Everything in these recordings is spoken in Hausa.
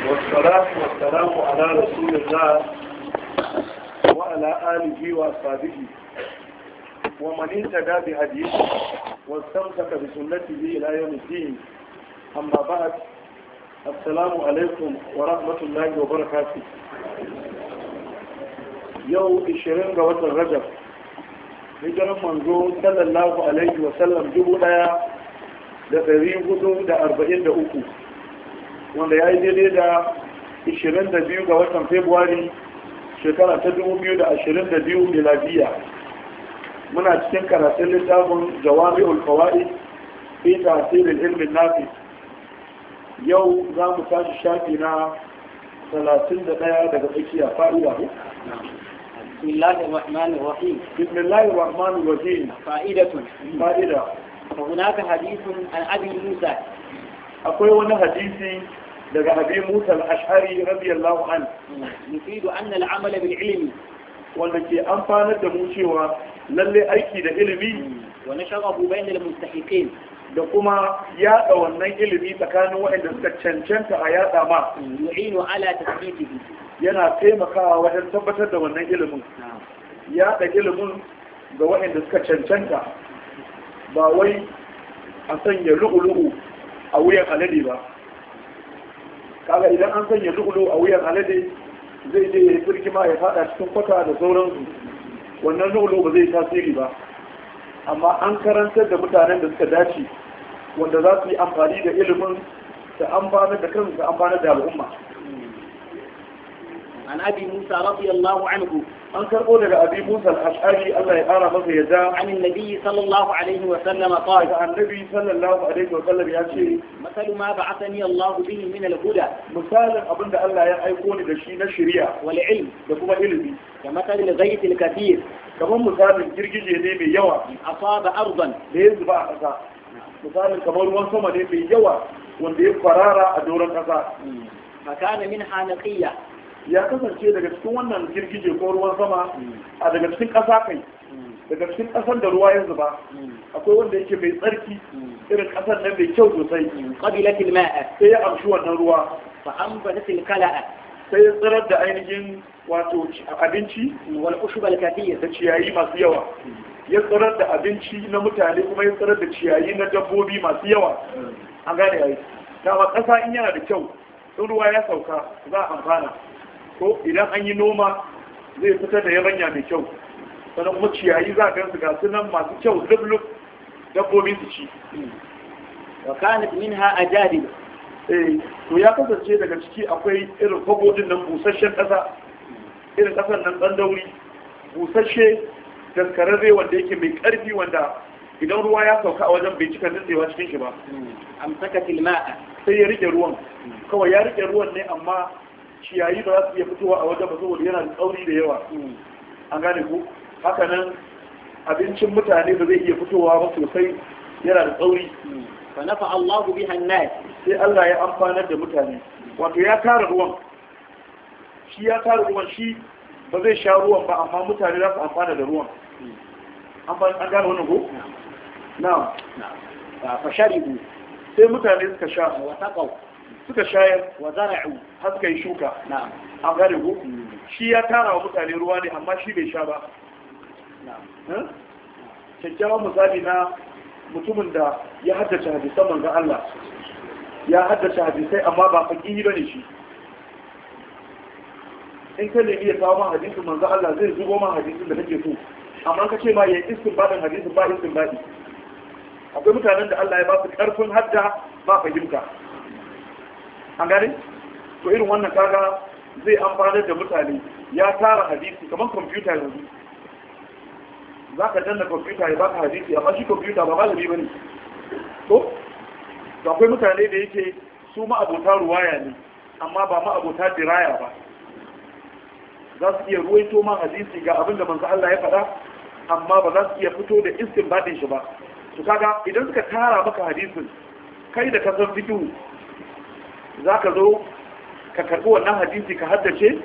wasalatu wasalamu ala rasulillah wa ala alihi wa ashabihi wa man intada bi hadith wa istamsaka bi sunnatihi ila yawm din amma ba'd assalamu alaikum wa rahmatullahi wa barakatuh yau ishirin ga watan rajab hijiran manzo sallallahu alaihi wa sallam dubu daya da ɗari hudu da arba'in da uku wanda ya yi daidai da 22 ga watan februari shekara ta 2022 miladiya muna cikin karatun littafin jawami ulfawa'i fi tasirin ilmin nafi yau za mu tashi shafi na 31 daga tsakiya fa'ida ne بسم الله الرحمن الرحيم بسم الله الرحمن الرحيم فائدة فائدة وهناك حديث عن أبي موسى akwai wani hadisi daga abi musa al-ash'ari radiyallahu an yufidu anna al-amala bil ilmi wanda ke amfanar da mu cewa lalle aiki da ilimi hmm. wa bayna al-mustahiqin da kuma yada wannan ilimi tsakanin waɗanda suka cancanta a yada ma hmm. yu'inu ala tasdiqihi yana taimakawa wajen tabbatar da wannan ilimin yada ilimin ga waɗanda suka cancanta ba wai a sanya lu'ulu'u a wuyan alade ba kaga idan an sanya lu'ulu a wuyan alade zai je ya turki ma ya fada cikin kwata da sauransu wannan lu'ulu ba zai tasiri ba amma an karantar da mutanen da suka dace wanda za su yi amfani da ilimin da amfanar da kansu da amfanar da al'umma an abi musa radiyallahu anhu an karbo daga abi musa al-ash'ari Allah ya kara masa yaza an annabi sallallahu alaihi wa sallam qala da annabi sallallahu alaihi wa sallam ya ce masalu ma ba'athani Allah bihi min al-huda misalin abinda Allah ya aiko ni da shi na shari'a wal ilm da kuma ilimi da masalin ghayt al-kathir kamar misalin girgije ne mai yawa asaba ardan da ya zuba a kasa misalin kamar ruwan sama ne mai yawa wanda ya farara a doron kasa fakana min hanaqiya ya kasance daga cikin wannan girgije ko ruwan sama a daga cikin ƙasa kai daga cikin ƙasar da ruwa ya zuba akwai wanda yake mai tsarki irin ƙasar nan mai kyau sosai qabilatil ma'a sai ya amshi wannan ruwa fa anbatatil kala'a sai ya tsirar da ainihin wato abinci wal ushbal kathir da ciyayi masu yawa ya tsirar da abinci na mutane kuma ya tsirar da ciyayi na dabbobi masu yawa an gane ai dama ƙasa in yana da kyau in ruwa ya sauka za a amfana ko idan an yi noma zai fitar da yabanya mai kyau sannan kuma ciyayi za a gansu gasu nan masu kyau lublub dabbobi su ci wa min ha ajadi eh to ya kasance daga ciki akwai irin fagodin nan busasshen kasa irin kasan nan dan dauri busasshe daskararre wanda yake mai karfi wanda idan ruwa ya sauka a wajen bai cika nutsewa cikin shi ba amsaka tilma'a sai ya rike ruwan kawai ya rike ruwan ne amma ciyayi ba za su iya fitowa a wajen ba saboda yana da tsauri da yawa an gane ku haka nan abincin mutane ba zai iya fitowa ba sosai yana da tsauri fa nafa Allahu biha an-nas sai Allah ya amfanar da mutane wato ya tara ruwan shi ya tara ruwan shi ba zai sha ruwan ba amma mutane za su amfana da ruwan an gane wannan ko na'am fa sharibu sai mutane suka sha wa taqaw suka shayar wa zara'u har suka yi shuka Na an gane hmm. shi ya tara wa mutane ruwa ne amma shi bai sha ba kyakkyawan misali na mutumin da ya haddace hadisan manga Allah ya haddace hadisai amma ba ba ne shi in ka nemi ya kawo ma hadisin manzo Allah zai zubo ma hadisun da kake so amma ka ce ma ya baɗin hadisun ba baɗi. akwai mutanen da Allah ya ba su ƙarfin hadda ba fahimta an gane to irin wannan kaga zai amfanar da mutane ya tara hadisi kamar kwamfuta yanzu za ka danna kwamfuta ya baka hadisi amma shi kwamfuta ba malami ba ne to akwai mutane da yake su ma'abota ruwaya ne amma ba ma'abota diraya ba za su iya ruwaito ma hadisi ga abin da manzo Allah ya faɗa amma ba za su iya fito da istinbadin shi ba to kaga idan suka tara maka hadisin kai da kasar fitu za ka zo ka karɓi wannan hadisi ka haddace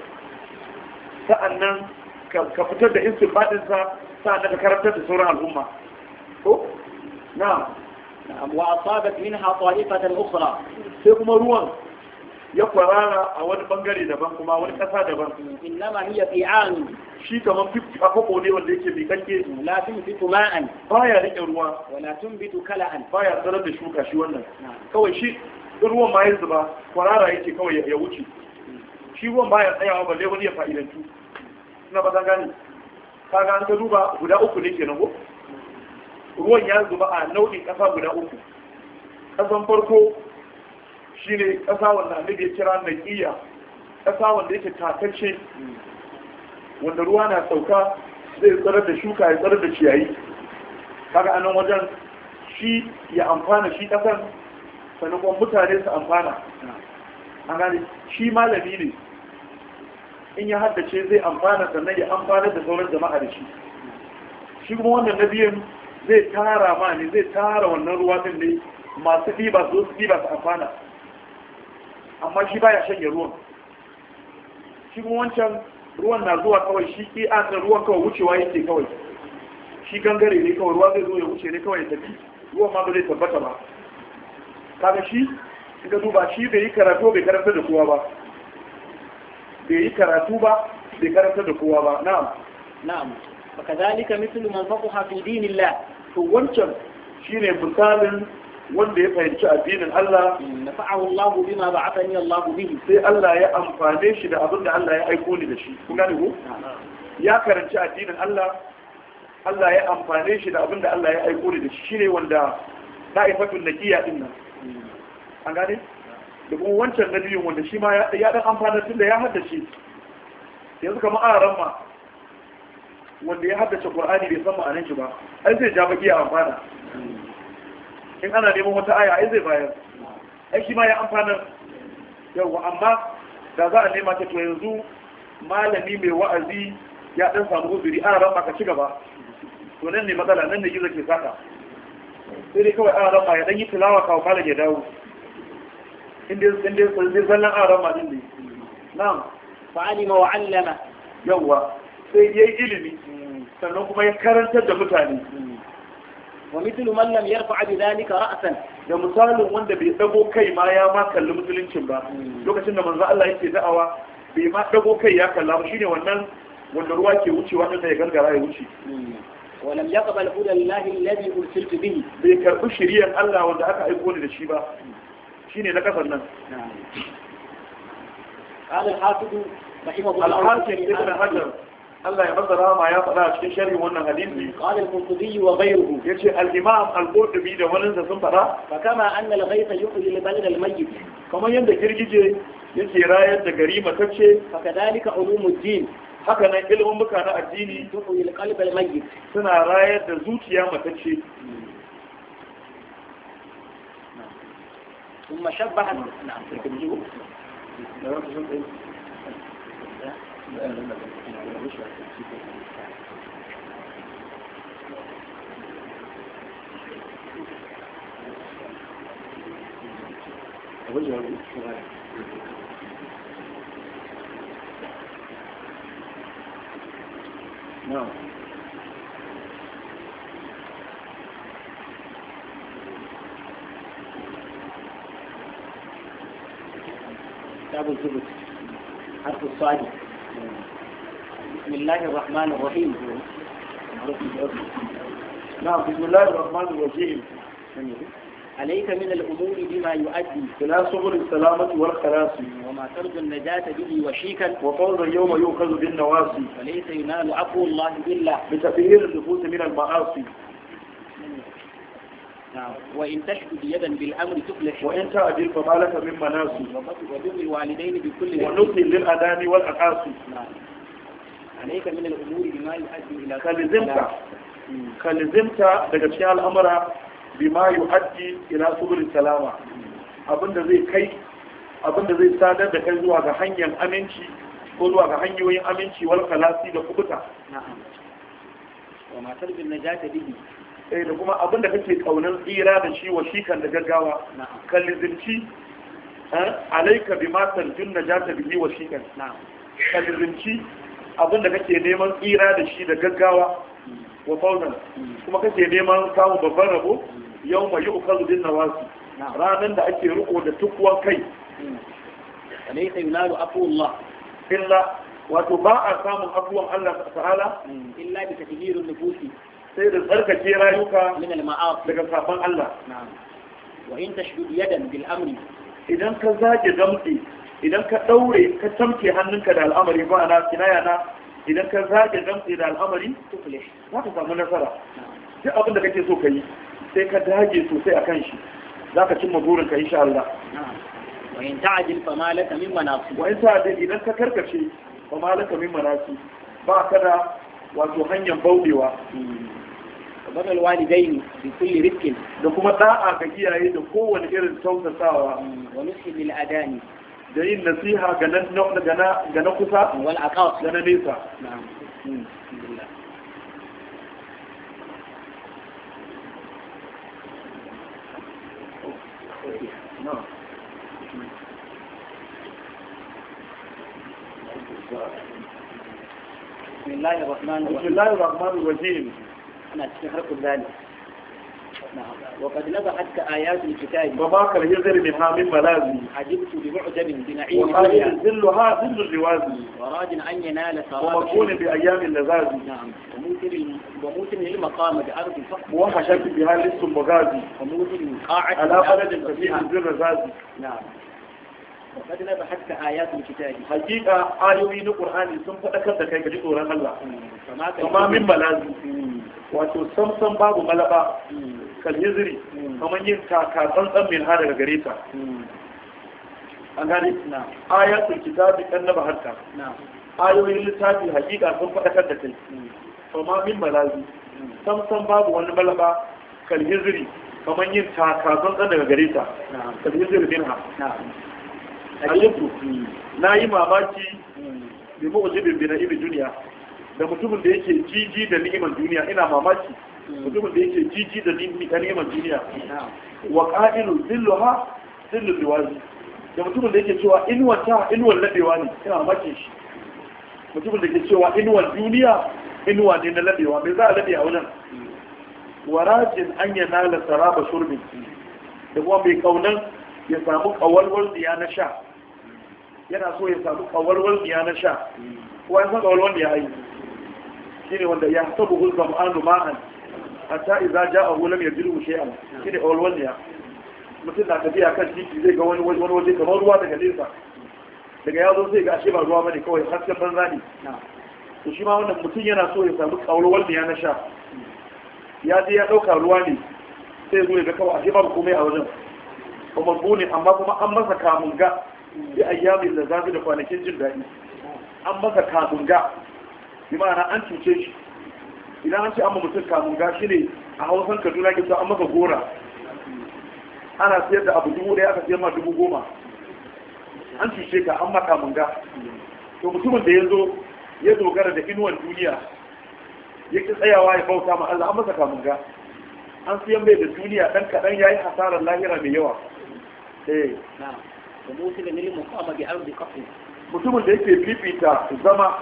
sa'annan ka fitar da insin baɗinsa sa'annan ka karantar da sauran al'umma ko na wa asabat minha ta'ifatan ukhra sai kuma ruwan ya kwarara a wani bangare daban kuma wani kasa daban innama hiya fi'an shi kaman fi kafako ne wanda yake bi kanke la tunbitu ma'an baya rike ruwa wala bitu kala'an baya sanar da shuka shi wannan kawai shi in ruwan ma ya zuba kwarara yake kawai ya wuce shi ruwan baya tsayawa balle wani ya fa'idantu suna ba Ta ga an duba guda uku ne kenan ko ruwan ya zuba a nau'in ƙasa guda uku ƙasan farko shi ne ƙasa wanda annabi ya kira ƙiya, ƙasa wanda yake tatacce wanda ruwa na sauka zai tsarar da shuka ya tsarar da ciyayi kaga anan wajen shi ya amfana shi ƙasan sannan kuma mutane su amfana a gani shi malami ne in ya haddace zai amfana sannan ya amfana da sauran jama'a da shi shi kuma wannan na biyan zai tara ma ne zai tara wannan ruwa din ne masu ɗiba su su ɗiba su amfana amma shi baya shanye ruwan shi kuma wancan ruwan na zuwa kawai shi ke a ruwan kawai wucewa yake kawai shi gangare ne kawai ruwa zai zo ya wuce ne kawai ya tafi ruwan ma ba zai tabbata ba kaga shi in ka duba shi bai yi karatu bai karanta da kowa ba bai yi karatu ba bai karanta da kowa ba na'am na'am baka fakadhalika mithlu man faqaha fi dinillah to wancan shine misalin wanda ya fahimci addinin Allah nafa'ahu Allah bima ba'athani Allah bihi sai Allah ya amfane shi da abin da Allah ya aiko ni da shi Ku gane ko ya karanci addinin Allah Allah ya amfane shi da abin da Allah ya aiko ni da shi shine wanda da'ifatul nakiya din nan an gane da kuma wancan na biyun wanda shi ma ya dan amfana tun da ya haddace yanzu kamar a ranma wanda ya haddace Kur'ani bai san ma'anin shi ba ai zai ja baki ya amfana in ana neman wata aya ai zai bayar ai shi ma ya amfana yawa amma da za a nema ta to yanzu malami mai wa'azi ya dan samu uzuri a ranma ka ci gaba to nan ne matsala nan ne gizo ke saka sai dai kawai an rama ya dan yi tilawa kawo kala ya dawo inda zai zallan an rama din ne na'am fa'alima wa allama Yauwa sai yi ilimi sannan kuma ya karantar da mutane wa mallam man lam yarfa bi dhalika ra'asan. da misalin wanda bai dago kai ma ya ma kalli musuluncin ba lokacin da manzo Allah yake da'awa bai ma dago kai ya kalla ba shine wannan wanda ruwa ke wucewa din da ya gargara ya wuce ولم يقبل هدى الله الذي أرسلت به بي كرب شريعة الله وانت أكا يقول للشيبة شيني لك نعم قال الحافظ رحمه الله الحافظ ابن حجر الله يبذر ما يطلع شيء شري وانا هدين قال القرطبي وغيره يجي الإمام القرطبي ده وانا انت سنطرة فكما أن الغيث يخرج لبلد الميت كما يندى كرجي يجي راية غريمة تبشي فكذلك علوم الدين haka nan ilimin muka na addini suna rayar da zuciya mata ce شبه نعم كتاب الزبد حرف الصادق بسم الله الرحمن الرحيم نعم بسم الله الرحمن الرحيم عليك من الأمور بما يؤدي إلى سبل السلامة والخلاص وما ترجو النجاة به وشيكا وفوز يوم يوخذ بالنواسي وليس ينال عفو الله إلا بتطهير النفوس من المعاصي نعم. وإن تشهد يدا بالأمر تفلح وإن تعدل فما لك من مناصي وبر الوالدين بكل ونصي للأذان والأقاصي نعم. عليك من الأمور بما يؤدي إلى كلزمت كلزمت daga cikin al'amura bima yu'addi ila subul salama abinda zai kai abinda zai sadar da kai zuwa ga hanyar aminci ko zuwa ga hanyoyin aminci wal kalasi da kubuta wa matar bin na najata bihi eh da kuma abinda kake kaunar tsira da shi wa shi kan da gaggawa kalli zinci eh, alaika bi matar jin najata bihi wa shi kan kalli zinci abinda kake neman tsira da shi da gaggawa mm. wa fauna mm. kuma kake neman samun babban rabo mm. yau mai yi ukazu din na wasu ranar da ake riko da tukwan kai hmm. alai sai yunalu afuwallah illa wato ba a samun afuwan Allah ta'ala hmm. illa bi tadbirun nufusi sai da tsarkake rayuka min daga sabon Allah wa in tashdud yadan bil amri idan ka zage damtsi idan ka daure ka tamke hannunka da al'amari ba na kinaya na idan ka zage damtsi da al'amari za ka samu nasara duk abin da kake so ka yi sai ka dage sosai a kan shi za ka cimma burinka insha Allah wayin ta'ajil fa malaka min manasi wayin ta'ajil idan ka karkace fa malaka min manasi ba ka da wato hanyar baudewa badal ne bi kulli rifqin da kuma da'a ga iyaye da kowane irin tausasawa wa nusi lil adani da yin nasiha ga na kusa wal aqas ga na nesa na'am نعم. بسم الله الرحمن الرحيم بسم الله الرحمن الرحيم أنا أتشهركم ذلك وقد نبحت آيات الكتاب وما كان منها من ملازم عجبت بمعجب بنعيم وقال ذلها ذل اللوازم وراد أن ينال سراب ومكون بأيام اللذاذ نعم وموسم للمقام بأرض فحم وحشت بها لسه مغازي وموسم قاعد ألا بلد ففيه ذل رزازي نعم kad na hatta ayatul kitabi hakika ayoyi na qur'ani sun fadakar da kai ga tsoron Allah hmm, kama min malazi hmm. wato samsan babu malaba hmm. kal hizri kaman yin taka tsantsan min har daga gare ta an gane ayatul kitabi kan na hatta ayoyin littafi hakika sun fadakar da kai kama min malazi samsan babu wani malaba kal hizri kaman yin taka tsantsan daga gare ta kal hizri minha na'am na yi mamaki bi mu'jibin bi ibi duniya da mutumin da yake jiji da ni'imar duniya ina mamaki mutumin da yake jiji da ni'imar duniya wa zillu ha zillu liwazi da mutumin da yake cewa inuwar ta inuwar labewa ne ina mamaki shi mutumin da ke cewa inuwar duniya inuwa ne na labewa mai za a labe a wajen rajin an yi la saraba shurbin da kuma mai kaunan ya samu kawalwar da ya na sha yana so ya samu kawarwar biya na sha kuwa ya san kawarwar ya yi shi ne wanda ya sabu hulka mu'anu ma'an hatta iza ja a hulam ya shi an shi ne kawarwar ya mutum na tafiya kan titi zai ga wani waje kamar ruwa daga nesa daga yazo zai ga ashe ba ruwa bane kawai hasken banza ne to shi ma wannan mutum yana so ya samu kawarwar ya na sha ya je ya dauka ruwa ne sai zo ya ga kawai ashe babu komai a wajen kuma bune amma kuma an masa kamun ga da ayyamin da zafi da kwanakin jin daɗi an masa kamunga bi ma'ana an cuce shi idan an ce an mutum kamunga shi ne a hausan kaduna gisa an masa gora ana siyar da abu dubu ɗaya aka siyar ma dubu goma an cuce ka an maka munga to mutumin da ya zo ya dogara da inuwan duniya ya ki tsayawa ya bauta ma Allah an masa kamunga an siyan mai da duniya ɗan kaɗan ya yi hasarar lahira mai yawa eh mutumin da yake fifita zama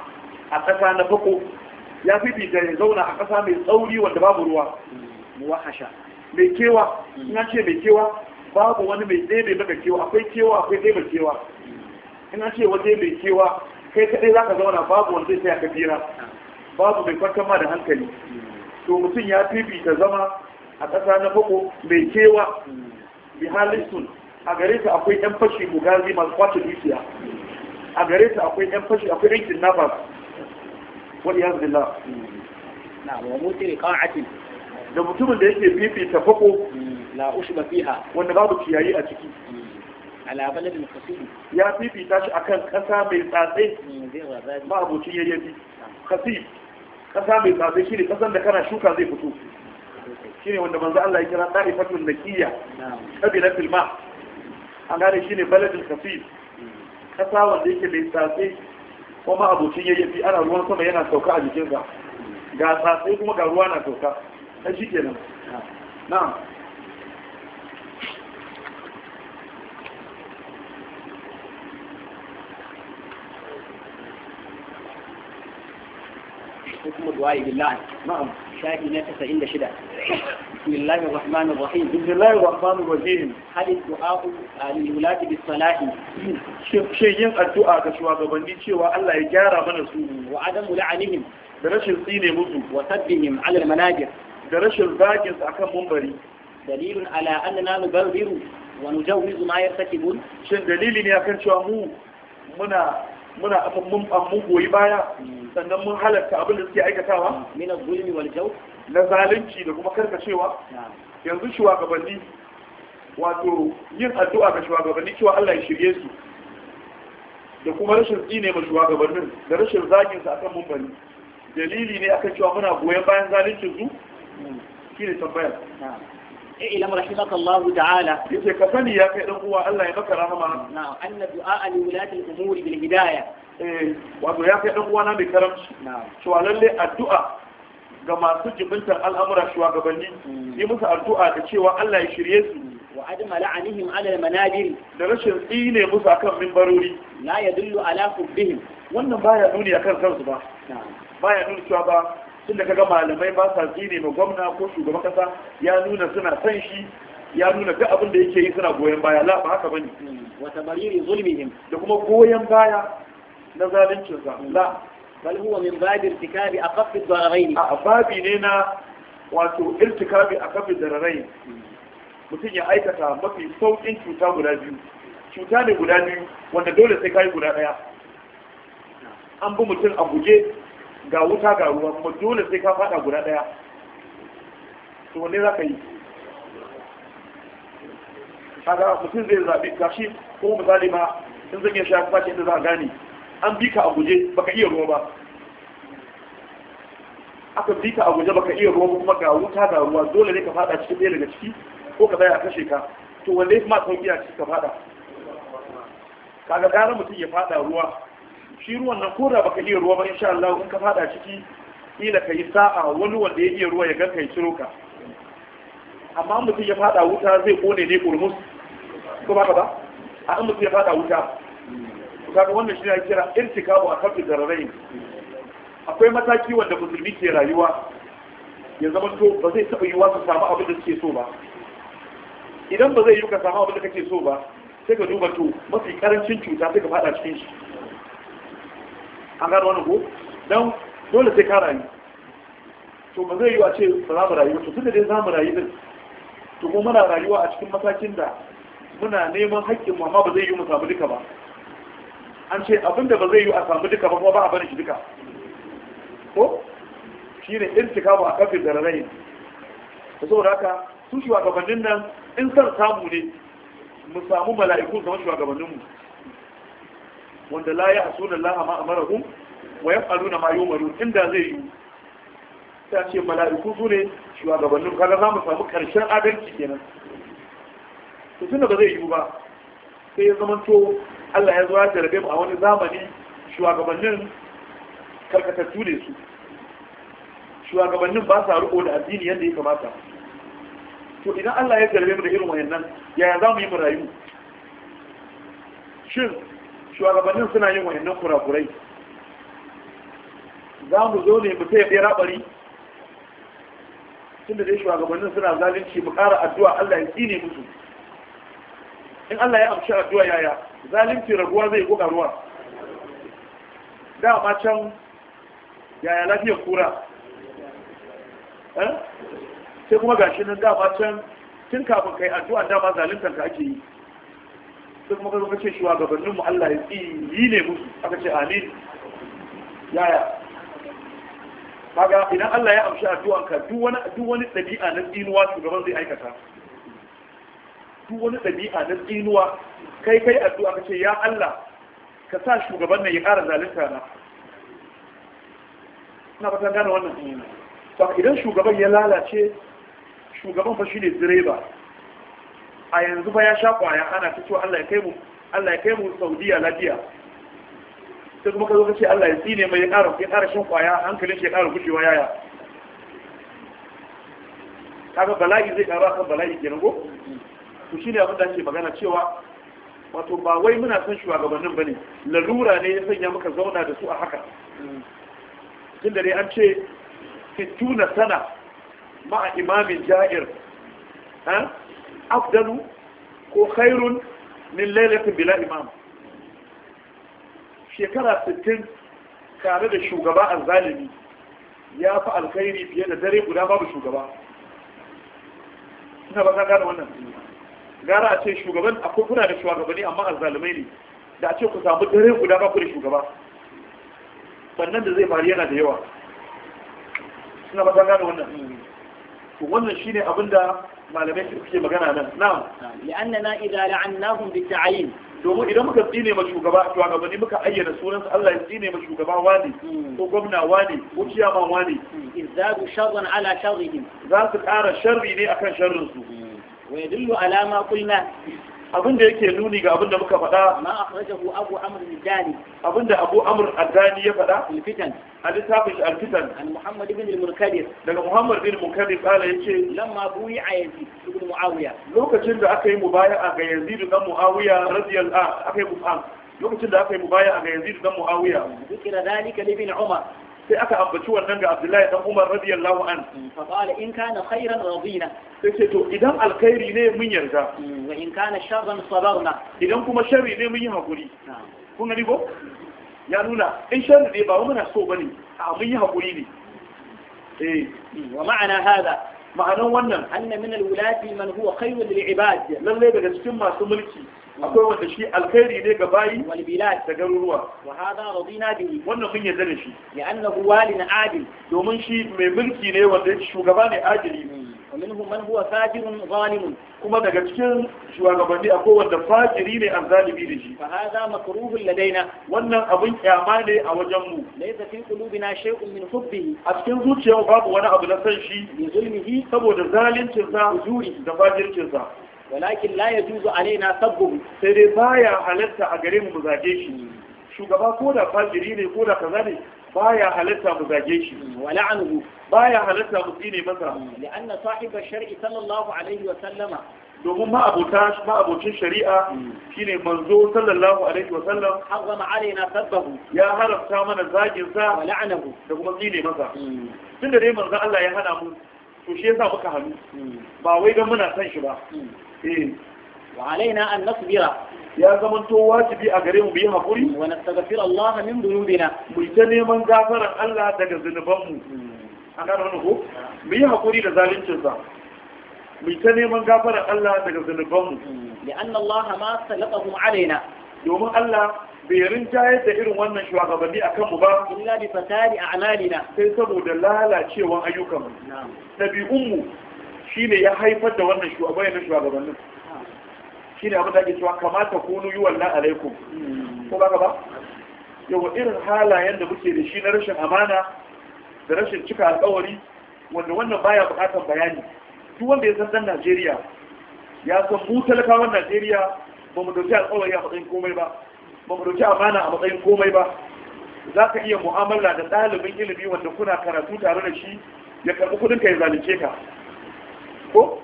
a ƙasa na fako ya fifita ya zauna a ƙasa mai tsauri wanda babu ruwa hasha mai kewa ina ce mai kewa babu wani mai mai maka kewa akwai kewa akwai mai kewa ina ce waje mai kewa kai kaɗai za ka zauna babu wanda zai saya ka fira babu mai kwantar ma da hankali to mutum ya fifita zama a ƙasa na fako mai kewa bi halin sun a gare ta akwai yan fashi mugazi masu kwace dukiya a gare ta akwai yan fashi akwai yan kidnappers wani yanzu billah na wa mutum qa'atin da mutumin da yake fifita fako la ba fiha wanda babu ciyayi a ciki hmm. ala baladin kasiri ya fifita shi akan kasa mai tsatse hmm, ba ya yi kasir kasa mai tsatse shi ne kasan da kana shuka zai fito hmm. shi ne wanda manzo Allah ya kira ta'ifatul nakiyya kabilatul filma? an gane shi ne baladin kafir kasa wanda yake mai tsatsi kuma abokin fi ana ruwan sama yana sauka a jikinsa ga tsatsi kuma ga ruwa na sauka na shi kenan na'am sai kuma duwaye billahi ma'am shafi na tasa'in da shida bismillahir rahmanir rahim bismillahir rahmanir rahim hadith du'a'u al-ulati bis-salahi shi yin addu'a ga shugabanni cewa Allah ya gyara mana su wa adamu la'anihim da rashin tsine musu wa sabbihim ala al-manajir da rashin zagin su akan mumbari dalilun ala annana nubarriru wa nujawwizu ma yartakibun shin dalili ne akan cewa mu muna muna mun ah, mun goyi baya sannan mun halarta abin da suke aikatawa min wal na zalunci da kuma karkacewa yanzu shugabanni wato yin addu'a ga shugabanni cewa Allah ya shirye su da kuma rashin tsine ma shugabannin da rashin zagin su akan mumbari dalili ne akan cewa muna goyan bayan zaluncin su shine tambayar Ya اعلم رحمك الله تعالى يجي كفني يا كيدن هو الله يبارك رحمه نعم ان دعاء لولاة الامور بالهدايه wato ya kai ɗan uwana mai karamci cewa lalle addu'a ga masu jibintar al'amura shugabanni yi musu addu'a da cewa Allah ya shirye su wa adama la'anihim ala al-manabir da rashin tsine musu akan minbarori la yadullu ala hubbihim wannan baya nuni kan kansu ba baya nuni cewa ba tun da kaga malamai ba sa tsine ma gwamna ko shugaban kasa ya nuna suna san shi ya nuna duk abin da yake yi suna goyon baya la ba haka bane hmm, wata bariri zulmihim da kuma goyon baya na zalincin sa la bal huwa min babir tikabi aqaf ad-dararain a babi ne na wato irtikabi aqaf ad-dararain hmm. mutum ya aikata mafi saukin cuta guda biyu cuta ne guda biyu wanda dole sai kai guda daya hmm. an bi mutum a guje ga wuta ga ruwa kuma dole sai ka fada guda daya to wanne za ka yi kaga mutum zai zaɓi gashi ko misali ma in zan iya sha fashi inda za a gane an bi ka a guje baka iya ruwa ba aka bi ka a guje baka iya ruwa ba kuma ga wuta ga ruwa dole ne ka fada cikin ɗaya daga ciki ko ka tsaya kashe ka to wanda ya fi ma sauki a ciki ka fada kaga gara mutum ya fada ruwa shi ruwan nan koda baka iya ruwa ba insha Allah in ka fada ciki kila kai sa'a wani wanda ya iya ruwa ya ga kai ciro ka amma mutum ya fada wuta zai kone ne kurmus ko ba ka ba a in mutum ya fada wuta kaga wannan shi ne kira irtikabu a kafin zararai akwai mataki wanda musulmi ke rayuwa ya zama to ba zai taɓa yiwuwa su samu abin da suke so ba idan ba zai yi ka samu abin da kake so ba sai ka duba to mafi karancin cuta sai ka fada cikin shi an gano wani ko don dole sai ka rayu to ba zai yi a ce ba za mu rayu to tunda dai za mu rayu din to kuma muna rayuwa a cikin matakin da muna neman haƙƙin amma ba zai yi mu samu duka ba an ce abinda ba zai yi a samu duka ba kuma ba a bari shi duka ko shi ne in ba a kafin da dararai da saboda haka su gabanin nan in san samu ne mu samu mala'iku zama mu wanda la ya haso da laha ma'amarahun wa ya faru na mayu maru inda zai yi ta ce mala'iku su ne shugabannin kaga za mu samu karshen adalci kenan to tunda ba zai yi ba sai ya zamanto Allah ya zo ya jarabe mu a wani zamani shugabannin karkatattu ne su shugabannin ba sa riko da addini yadda ya kamata to idan Allah ya jarabe mu da irin wayannan yaya za mu yi mu rayu shin shugabannin suna yin wayannan kurakurai za mu zo ne mu sai ya tun da dai shugabannin suna zalunci mu ƙara addu'a Allah ya tsine musu in Allah ya amshi addu'a yaya zalunci raguwa zai buga ruwa da ma can yaya lafiyar kura eh? sai kuma gashi nan da ma can tun kafin kai addu'a dama zaluntar ka ake yi sai kuma kai kace shugabannin mu Allah ya yi yi ne musu aka ce amin yaya kaga idan Allah ya amshi addu'an ka duk wani duk wani dabi'a na tsinuwa shugaban zai aikata duk wani dabi'a na tsinuwa kai kai addu'a ce ya Allah ka sa shugaban nan ya ƙara zalunta na ina fatan gane wannan idan shugaban ya lalace shugaban fa shine direba a yanzu ba ya sha kwaya ana ta cewa Allah ya kai mu Allah ya kai mu Saudiya Ladiya. sai kuma ka zo ka ce Allah ya tsine mai ya ƙara ya ƙara shan kwaya hankalin shi ya ƙara gushewa yaya kaga bala'i zai ƙaru kan bala'i kenan ko to shine abin da ake magana cewa wato ba wai muna son shugabannin bane lalura ne ya sanya muka zauna da su a haka tunda dai an ce fituna sana ma'a imamin ja'ir ha afdalu ko khairun min lailatin bila imam shekara 60 tare da shugaba azzalimi ya fi alkhairi fiye da dare guda babu shugaba ina ba ka gane wannan gara a ce shugaban akwai kuna da shugabanni amma azzalimai ne da a ce ku samu dare guda ba ku da shugaba sannan da zai faru yana da yawa suna ba ta gane wannan to wannan shine abin da malamai suke magana nan na'am li'annana idza la'annahum bi ta'yin domin idan muka tsine ma shugaba shugabanni muka ayyana sunan Allah ya tsine ma shugaba wani hmm. ko gwamna wani ko ciyama wani hmm. Izadu sharran ala sharrihim za su kara sharri ne akan sharrin su hmm. wa yadullu ala ma qulna abin da yake nuni ga abin da muka faɗa ma abu abin da abu amr al ya faɗa al-fitan al-tafish al munkadir daga muhammad bin al-munkadir kala yace lamma buyi a lokacin da aka yi mubaya'a ga yazid dan muawiya radiyallahu a aka yi ah, lokacin da aka yi mubaya'a ga yazid ibn muawiya umar sai aka ambaci wannan ga Abdullahi dan Umar radiyallahu an fa qala in kana khairan radina sai to idan alkhairi ne mun yarda mm, wa in kana sharran sabarna idan kuma sharri ne mun yi hakuri kun gani ko ya nuna in sharri ne ba muna so bane a mun yi hakuri ne eh mm, wa ma'ana hada ma'anan wannan anna min alwulati man huwa khairun lil ibad lalle daga cikin masu mulki akwai wanda shi alkhairi ne ga bayi da garuruwa wa hada radina bihi wannan kun yarda da shi ya annahu walin adil domin shi mai mulki ne wanda shugaba ne adili hmm. wa minhum man huwa fajirun zalimun kuma daga cikin shugabanni akwai wanda fajiri ne an zalimi da shi fa hada makruhul ladaina wannan abun kyama ne a wajen mu laysa fi qulubina shay'un min hubbihi a cikin zuciyar babu wani abu na san shi bi zulmihi saboda zalincin sa da fajircin sa walakin la yajuzu alaina sabbu sai dai baya halatta a gare mu mu shi shugaba ko da fajiri ne ko da kaza ne baya halatta mu zage shi wala anhu baya halatta mu tsine masa li'anna sahiba shar'i sallallahu alaihi wa sallama domin ma'abuta ma'abucin shari'a shine manzo sallallahu alaihi wa sallam harrama alaina sabbahu ya haramta mana zagin sa wa da kuma tsine mm. tunda dai manzo Allah ya hana mu to shi yasa muka halu mm. ba wai dan muna san shi ba mm. wa alaina an ya zamanto to wajibi a gare mu bi hakuri wa nastaghfir Allah min dhunubina mu neman gafaran Allah daga zunubanmu an gano wannan ko mu yi hakuri da zaluncinsa. sa neman gafaran Allah daga zunubanmu li anna Allah domin Allah bai rinjaye da irin wannan shugabanni a kanmu ba illa bi a a'malina sai saboda lalacewan ayyukanmu Dabi'unmu. shi ne ya haifar da wannan na shugabannin shi ne abin da ake cewa kamata ko yi wannan alaikum ko ba ka ba Yau irin halayen da muke da shi na rashin amana da rashin cika alkawari wanda wannan baya bukatar bayani duk wanda ya san dan Najeriya ya san mu talakawan Najeriya ba mu dauki alkawari a matsayin komai ba ba mu dauki amana a matsayin komai ba za ka iya mu'amala da ɗalibin ilimi wanda kuna karatu tare da shi ya karɓi kuɗin ka ya zalunce ka ko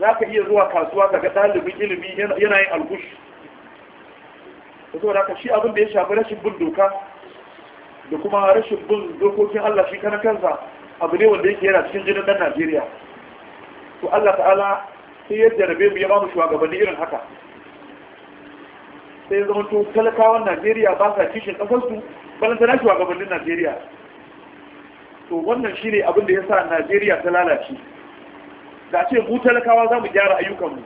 za ka iya zuwa kasuwa daga ɗalibin ilimi yana yin algush da shi abin da ya shafi rashin bin doka da kuma rashin bin dokokin Allah shi kana kansa abu ne wanda yake yana cikin jinin ɗan Najeriya to Allah ta'ala sai ya jarabe mu ya ba mu shugabanni irin haka sai ya zamanto talakawan Najeriya ba sa kishin ƙasarsu balanta na shugabannin Najeriya to wannan shine abin da ya sa Najeriya ta lalace da ce mu talakawa za mu gyara ayyukanmu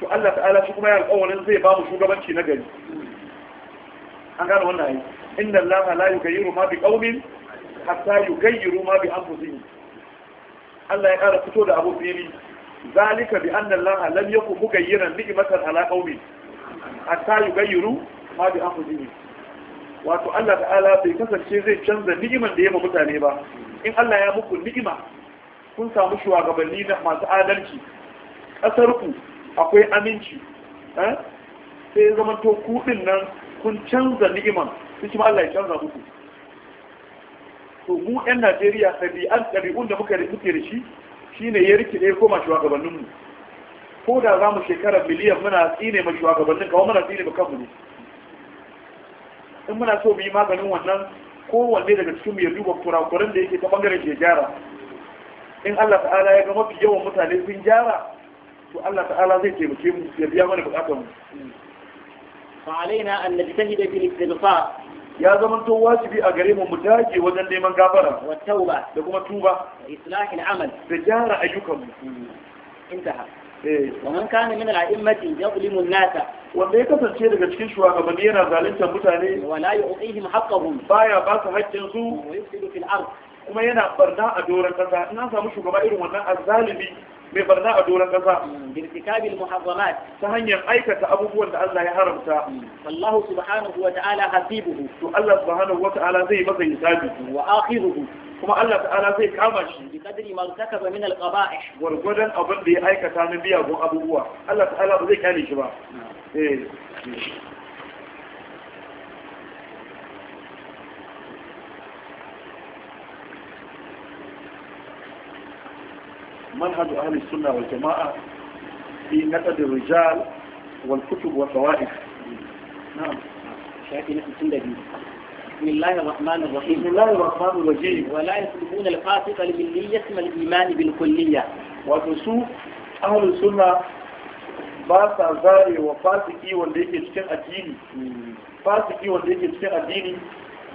to Allah ta'ala shi kuma ya alƙawarin zai ba mu shugabanci na gari an gane wannan ayi inna Allah la yughayyiru ma bi qaumin hatta yughayyiru ma bi anfusihim Allah ya ƙara fito da abu fili zalika bi anna Allah lam yakun mughayyiran ni'matan ala qaumin hatta yughayyiru ma bi anfusihim wato Allah ta'ala bai kasance zai canza ni'iman da ya ba mutane ba in Allah ya muku ni'ima kun samu shugabanni na masu adalci Ƙasarku akwai aminci eh? sai zama to kuɗin nan kun canza ni'iman su ci Allah ya canza muku to mu 'yan Najeriya an ɗabi'un da muka muke da shi shine ya ɗaya koma shugabanninmu ko da za mu shekara miliyan muna tsine ma shugabannin kawo muna tsine ma kanmu ne in muna so mu yi maganin wannan kowanne daga cikin mu ya duba kurakuran da yake ta bangaren ke gyara in Allah ta'ala ya ga mafi yawan mutane sun gyara to Allah ta'ala zai taimake mu ya biya mana bukatar mu fa alaina an najtahida bil istighfar ya zama to wajibi a gare mu mu dage wajen neman gafara wa tauba da kuma tuba al amal da gyara ayyukan mu intaha eh. wa man kana min al-a'immati yadhlimu an-nasa wanda ya kasance daga cikin shugabanni yana zaluntar mutane wa la yu'tihim haqqahum baya ba su haƙƙin su wa yufsidu fil ard kuma yana barna a doron kasa in an samu shugaba irin wannan azzalimi mai barna a doron kasa mm, birtikabil muharramat ta hanyar aikata abubuwan da Allah ya haramta mm, Allah subhanahu wa ta'ala hasibuhu to Allah subhanahu wa ta'ala zai masa hisabi wa akhiruhu kuma Allah ta'ala zai kama shi bi kadri ma takaba min al-qaba'ih gurgudan abin da ya aikata na biyagun abubuwa Allah ta'ala ba zai kare shi ba mm. eh منهج أهل السنة والجماعة في نقد الرجال والكتب والطوائف نعم شاكي نحن بسم الله الرحمن الرحيم بسم الله الرحمن الرحيم ولا يسلمون الفاسق لملية من الإيمان بالكلية وتسوء أهل السنة باسا زاري وفاسقي wa fasiki wanda فاسقي cikin addini fasiki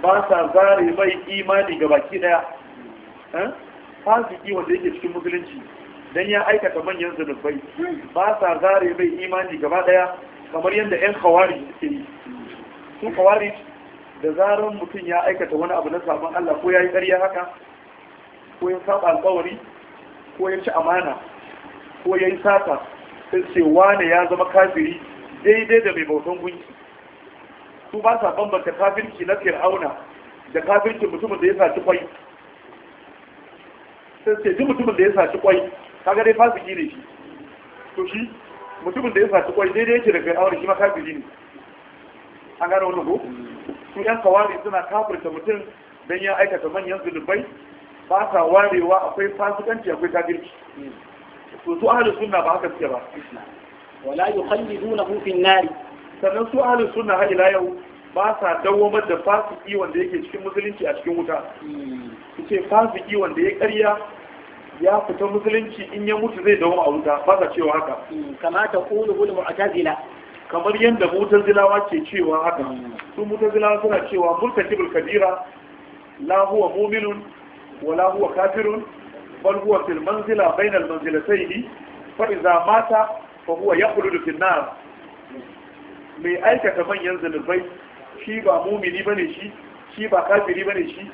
باسا زاري cikin إيماني ba sa fasiki wanda yake cikin musulunci dan ya aikata manyan zunubai ba sa zare mai imani gaba daya kamar yadda yan kawari suke yi su kawari da zarar mutum ya aikata wani abu na sabon Allah ko ya yi ƙarya haka ko ya saba alƙawari ko ya ci amana ko ya yi sata sai ce wane ya zama kafiri daidai da mai bautan gunki su ba sa bambanta kafirci na fir'auna da kafirci mutumin da ya saci kwai sai ce duk mutumin da ya saci kwai kaga dai fasiki ne shi to shi mutumin da ya saci kwai daidai yake da aure shi ma kafiri ne an gano wannan ko su yan kawari suna kafirta mutum don ya aikata manyan zulubai ba sa warewa akwai fasikanci akwai kafirci to su ahlus sunna ba haka suke ba wala yukhallidunahu fi an-nar sannan su ahlus sunna ha ila yau ba sa dawamar da fasiki wanda yake cikin musulunci a cikin wuta su ce fasiki wanda ya karya ya fita musulunci in ya mutu zai dawo a wuta ba sa cewa haka kamata kulu gulu mu'tazila kamar yadda mutazilawa ke cewa haka hmm. su mutazilawa suna cewa murtakibul kabira la huwa mu'minun wa la huwa kafirun bal huwa fil manzila bainal manzilataini fa idza mata fa huwa yakhludu fil nar mai aikata manyan zunubai shi ba mumini ba ne shi shi ba kafiri ba ne shi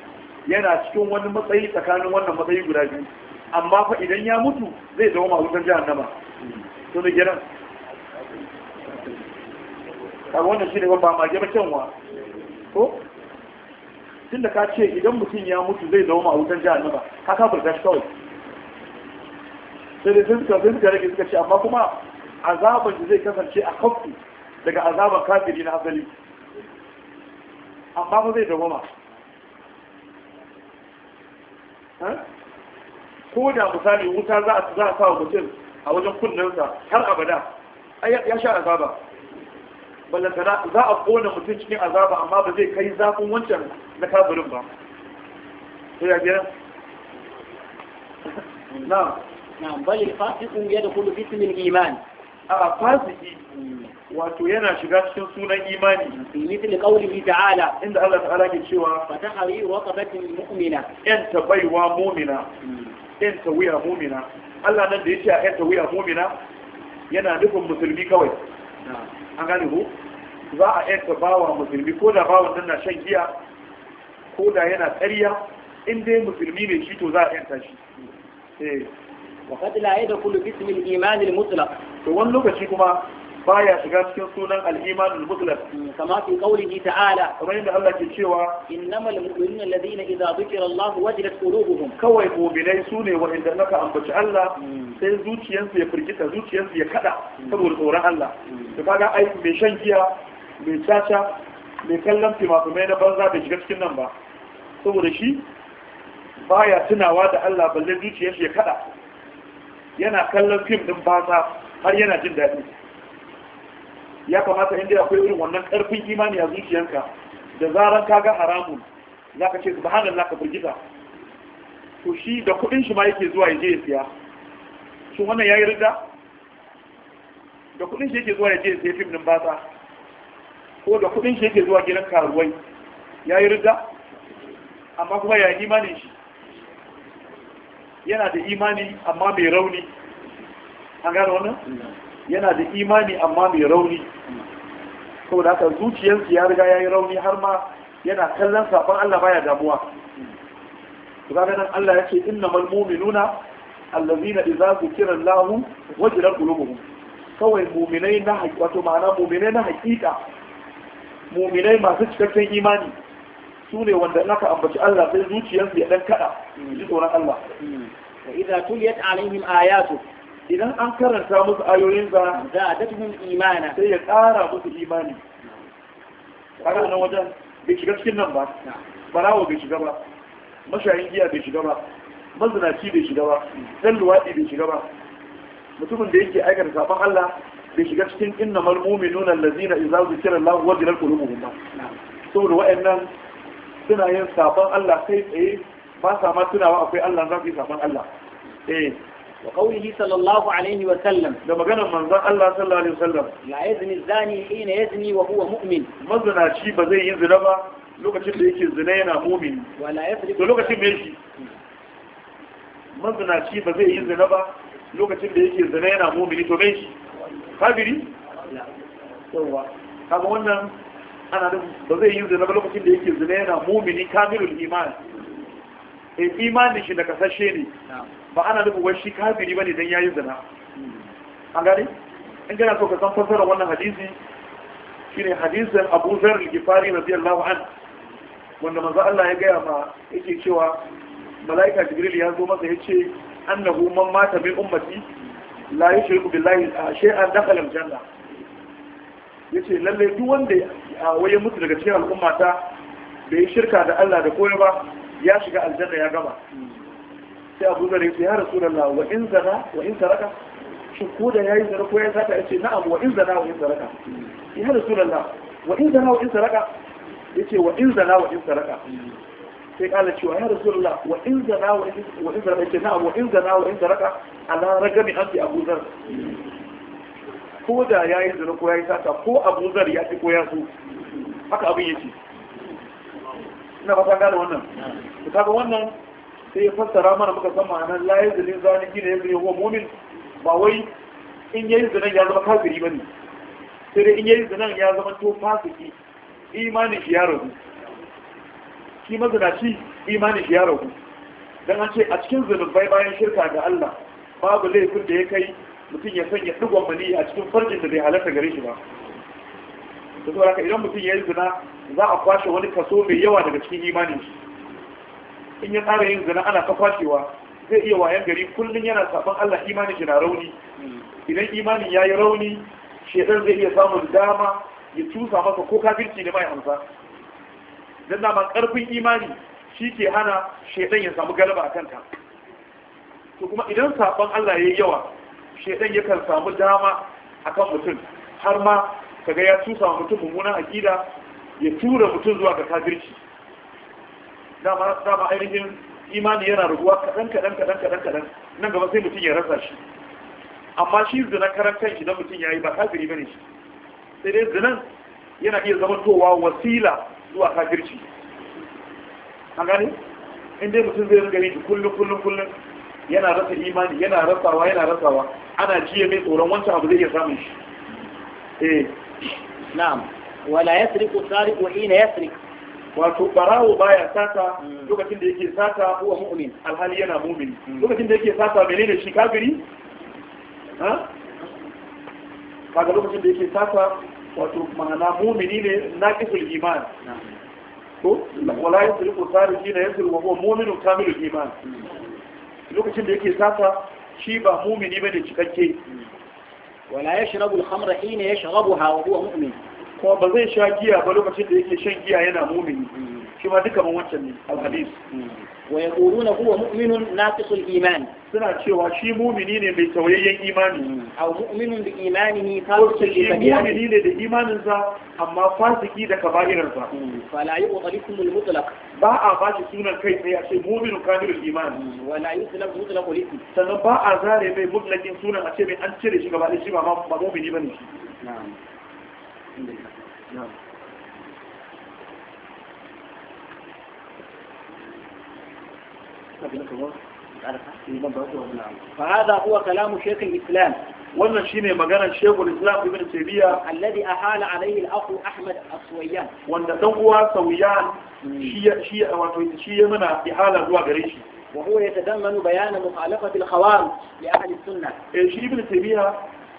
yana cikin wani matsayi tsakanin wannan matsayi guda biyu amma fa idan ya mutu zai zama mahutar jahannama to da gidan kaga wannan shi ne ba mage ba kyanwa ko tun da ka ce idan mutum ya mutu zai zama mahutar jahannama ka burga shi kawai sai dai suka sai suka rage suka ce amma kuma azaban da zai kasance a kafu daga azaban kafiri na asali amma ba zai dawama eh? ko da misali wuta za a za a sa mutum a wajen kunnensa har abada ya sha azaba ballantana za a kona mutum cikin azaba amma ba zai kai zafin wancan na kafirin ba to ya biya na na bali fasiqun yadkhulu fi imani a fasiki wato yana shiga cikin sunan imani fi mithli qawlihi ta'ala inda Allah ta'ala ke cewa fatahari raqabatin mu'mina yan tabaiwa mu'mina yan tawiya mu'mina Allah nan da yace yan tawiya mu'mina yana nufin musulmi kawai an gane ko za a yan tabawa musulmi ko da bawan nan na shan giya ko da yana ƙarya in dai musulmi ne shi to za a yanta shi eh wa kad la yadkhulu bi ismi al-iman al to wani lokaci kuma baya shiga cikin sunan al-iman al-mutlaq hmm, kama fi qawlihi ta'ala kamar da Allah ke cewa innamal mu'minuna alladhina idza dhukira Allah wajilat qulubuhum kawai mu'minai sune wa'inda naka ambaci Allah hmm. sai zuciyarsu ya firgita zuciyarsu ya kada hmm. saboda tsoron Allah to kaga ai mai shan giya mai caca mai kallon fimafimai na banza bai shiga cikin nan ba saboda shi baya tunawa da Allah balle zuciyar shi ya kada yana kallon fim din basa har yana jin daɗi ya kamata inda akwai irin wannan ƙarfin imani a zuciyanka da zaran ka ga haramun za ka ce hannun ka firgita to shi da kuɗin shi ma yake zuwa ya je ya siya shi wannan ya yi rida da kuɗin shi yake zuwa ya je ya siya fim din basa ko da kuɗin shi yake zuwa gidan karuwai ya yi rida amma kuma ya imanin shi yana da imani amma mai rauni an gano wannan yana da imani amma mai rauni saboda haka zuciyarsu ya riga ya yi rauni har ma yana kallon saɓon Allah baya damuwa to Allah ya ce innamal mu'minuna allazina idza zukira Allahu wajilat qulubuhum kawai mu'minai na wato ma'ana mu'minai na haƙiƙa, mu'minai masu cikakken imani su ne wanda naka ambaci Allah sai zuciyarsu ya dan kada ji tsoron Allah wa idza tuliyat alaihim ayatu idan an karanta musu ayoyin za zadatuhum imana sai ya ƙara musu imani kaga nan wajen bai shiga cikin nan ba barawo bai shiga ba mashayin giya bai shiga ba mazinaci bai shiga ba dan luwadi bai shiga ba mutumin da yake aikata sabon Allah bai shiga cikin innamal mu'minuna allazina idza zikira Allah wajilat qulubuhum ba saboda wa'annan suna yin sabon Allah sai tsaye ba sa ma tunawa akwai Allah za su yi sabon Allah eh wa qawlihi sallallahu alaihi wa sallam da maganar manzon Allah sallallahu alaihi wa sallam la yazni zani hina yazni wa huwa mu'min shi ba zai yi zina ba lokacin da yake zina yana mu'min wala yasriku to lokacin me shi mazinaci ba zai yi zina ba lokacin da yake zina yana mu'mini to me shi kafiri yawa kaga wannan ana nan ba zai yi zina ba lokacin da yake zina yana mumini kamilul iman e imanin shi da kasashe ne ba ana nufin wai shi kafiri bane dan yayi zina an gane in kana so ka san fasara wannan hadisi shine hadisin Abu Zar al-Ghifari radiyallahu anhu wanda manzo Allah ya gaya ma yake cewa malaika Jibril ya zo masa yace annahu man mata min ummati la yushriku billahi shay'an dakhala al-janna ya ce lallai duk wanda waye mutu daga cikin al'ummata bai shirka da Allah da koyi ba ya shiga aljanna ya gama sai abu zare ce ya rasu da wa in zana wa in saraka shi ko da ya yi zana ko ya zata ya ce na'am wa in zana wa in saraka ya rasu da wa in zana wa in saraka ya ce wa in zana wa in saraka sai kala cewa ya rasu da wa in zana wa in saraka ya ce na'am wa in zana wa in saraka ala ragami an fi abu zar ko da ya yi zina ko ya yi sata ko abu zar ya fi ko su haka abin yake ina ba gane wannan ta kaga wannan sai ya fassara mana muka san ma'anar la yi zini zani gina ya zini huwa mumin ba wai in yayi zinan ya zama kafiri ne, sai dai in yayi zinan ya zama to fasiki imanin shi ya ragu shi mazinaci imanin shi ya ragu dan an ce a cikin zunubai bayan shirka ga Allah babu laifin da ya kai mutum ya sanya digon mani a cikin farjin da bai halarta gare shi ba da saboda haka idan mutum ya yi zina za a kwashe wani kaso mai yawa daga cikin imanin shi in ya tsara yin zina ana ta kwashewa zai iya wayan gari kullum yana saban Allah imanin shi na rauni idan imanin ya yi rauni shaidan zai iya samun dama ya cusa masa ko kafirci ne mai amsa dan dama karfin imani shi ke hana shaidan ya samu galaba a kanta to kuma idan saban Allah ya yi yawa shedan kan samu dama a kan mutum har ma kaga ya tusa wa mutum mummunan akida ya tura mutum zuwa ga kafirci dama ainihin imani yana raguwa kadan kadan kadan kadan kadan nan gaba sai mutum ya rasa shi amma shi zina karan kanshi mutum mutum yi ba kafiri bane shi sai dai zinan yana iya zamantowa wasila zuwa kafirci an gane in dai mutum zai rinka yin kullum kullum kullum yana rasa imani yana rasawa yana rasawa ana jiye mai tsoron wancan abu zai iya samun shi eh na'am wala yasriqu sariqu hina yasriq wato barawo baya sata mm. lokacin da yake sata huwa mu'min alhali yana mu'min mm. lokacin da yake sata menene shi kafiri ha kaga lokacin da yake sata wato ma'ana mu'mini ne naqisul iman ko wala yasriqu sariqu ina yasriq wa huwa mu'minun kamilul iman mm. lokacin da yake tsafa, shi ba mumini bane cikakke wala yashrabu al-khamra hina yashrabuha wa huwa mu'min kuma ba zai sha giya ba lokacin da yake shan giya yana mumini shi ma duka man wancan ne alhadis wa yaquluna huwa mu'minun naqisul iman suna cewa shi mumini ne mai tauyayyen imani aw mu'minun bi imanihi fasiqun bi kabira mumini ne da imanin sa amma fasiki da kaba'irar sa fala yuqalikum al mutlaq ba a ba shi sunan kai sai a ce mu'minun kamilul iman wala yutlaq mutlaq al sannan ba a zare mai mutlaqin sunan a ce mai an cire shi gaba da shi ba ma mu'mini bane shi na'am الحمد لله نعم فهذا هو كلام شيخ الإسلام wannan shine maganar Sheikhul Islam Ibn Taymiyyah alladhi ahala alayhi al-akhu Ahmad Aswayan wanda dan uwa Sawiyan shi shi wato shi ya mana ihala zuwa gare shi wa huwa yatadammanu bayan mukhalafati al-khawarij li ahli sunnah eh shi Ibn Taymiyyah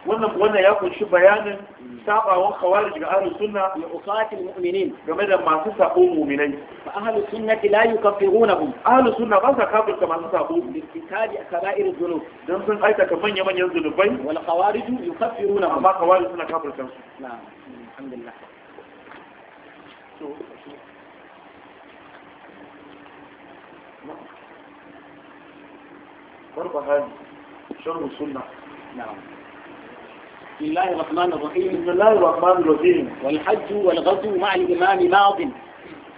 wannan wannan ya kunshi bayanin sabawan khawarij ga ahlus sunna wa uqatil mu'minin game da masu sabo mu'minai fa ahlus sunnati la yukaffirunhum ahlus sunna ba sa kafirta masu sabo bi kitabi kaba'ir dhunub dan sun aika manya manyan manyan zulubai wal khawarij yukaffiruna amma khawarij suna kafirta su na'am alhamdulillah برضه هذه شرم sunna. Na'am. بسم الله الرحمن الرحيم بسم الله الرحمن الرحيم والحج والغزو مع الإمام ماض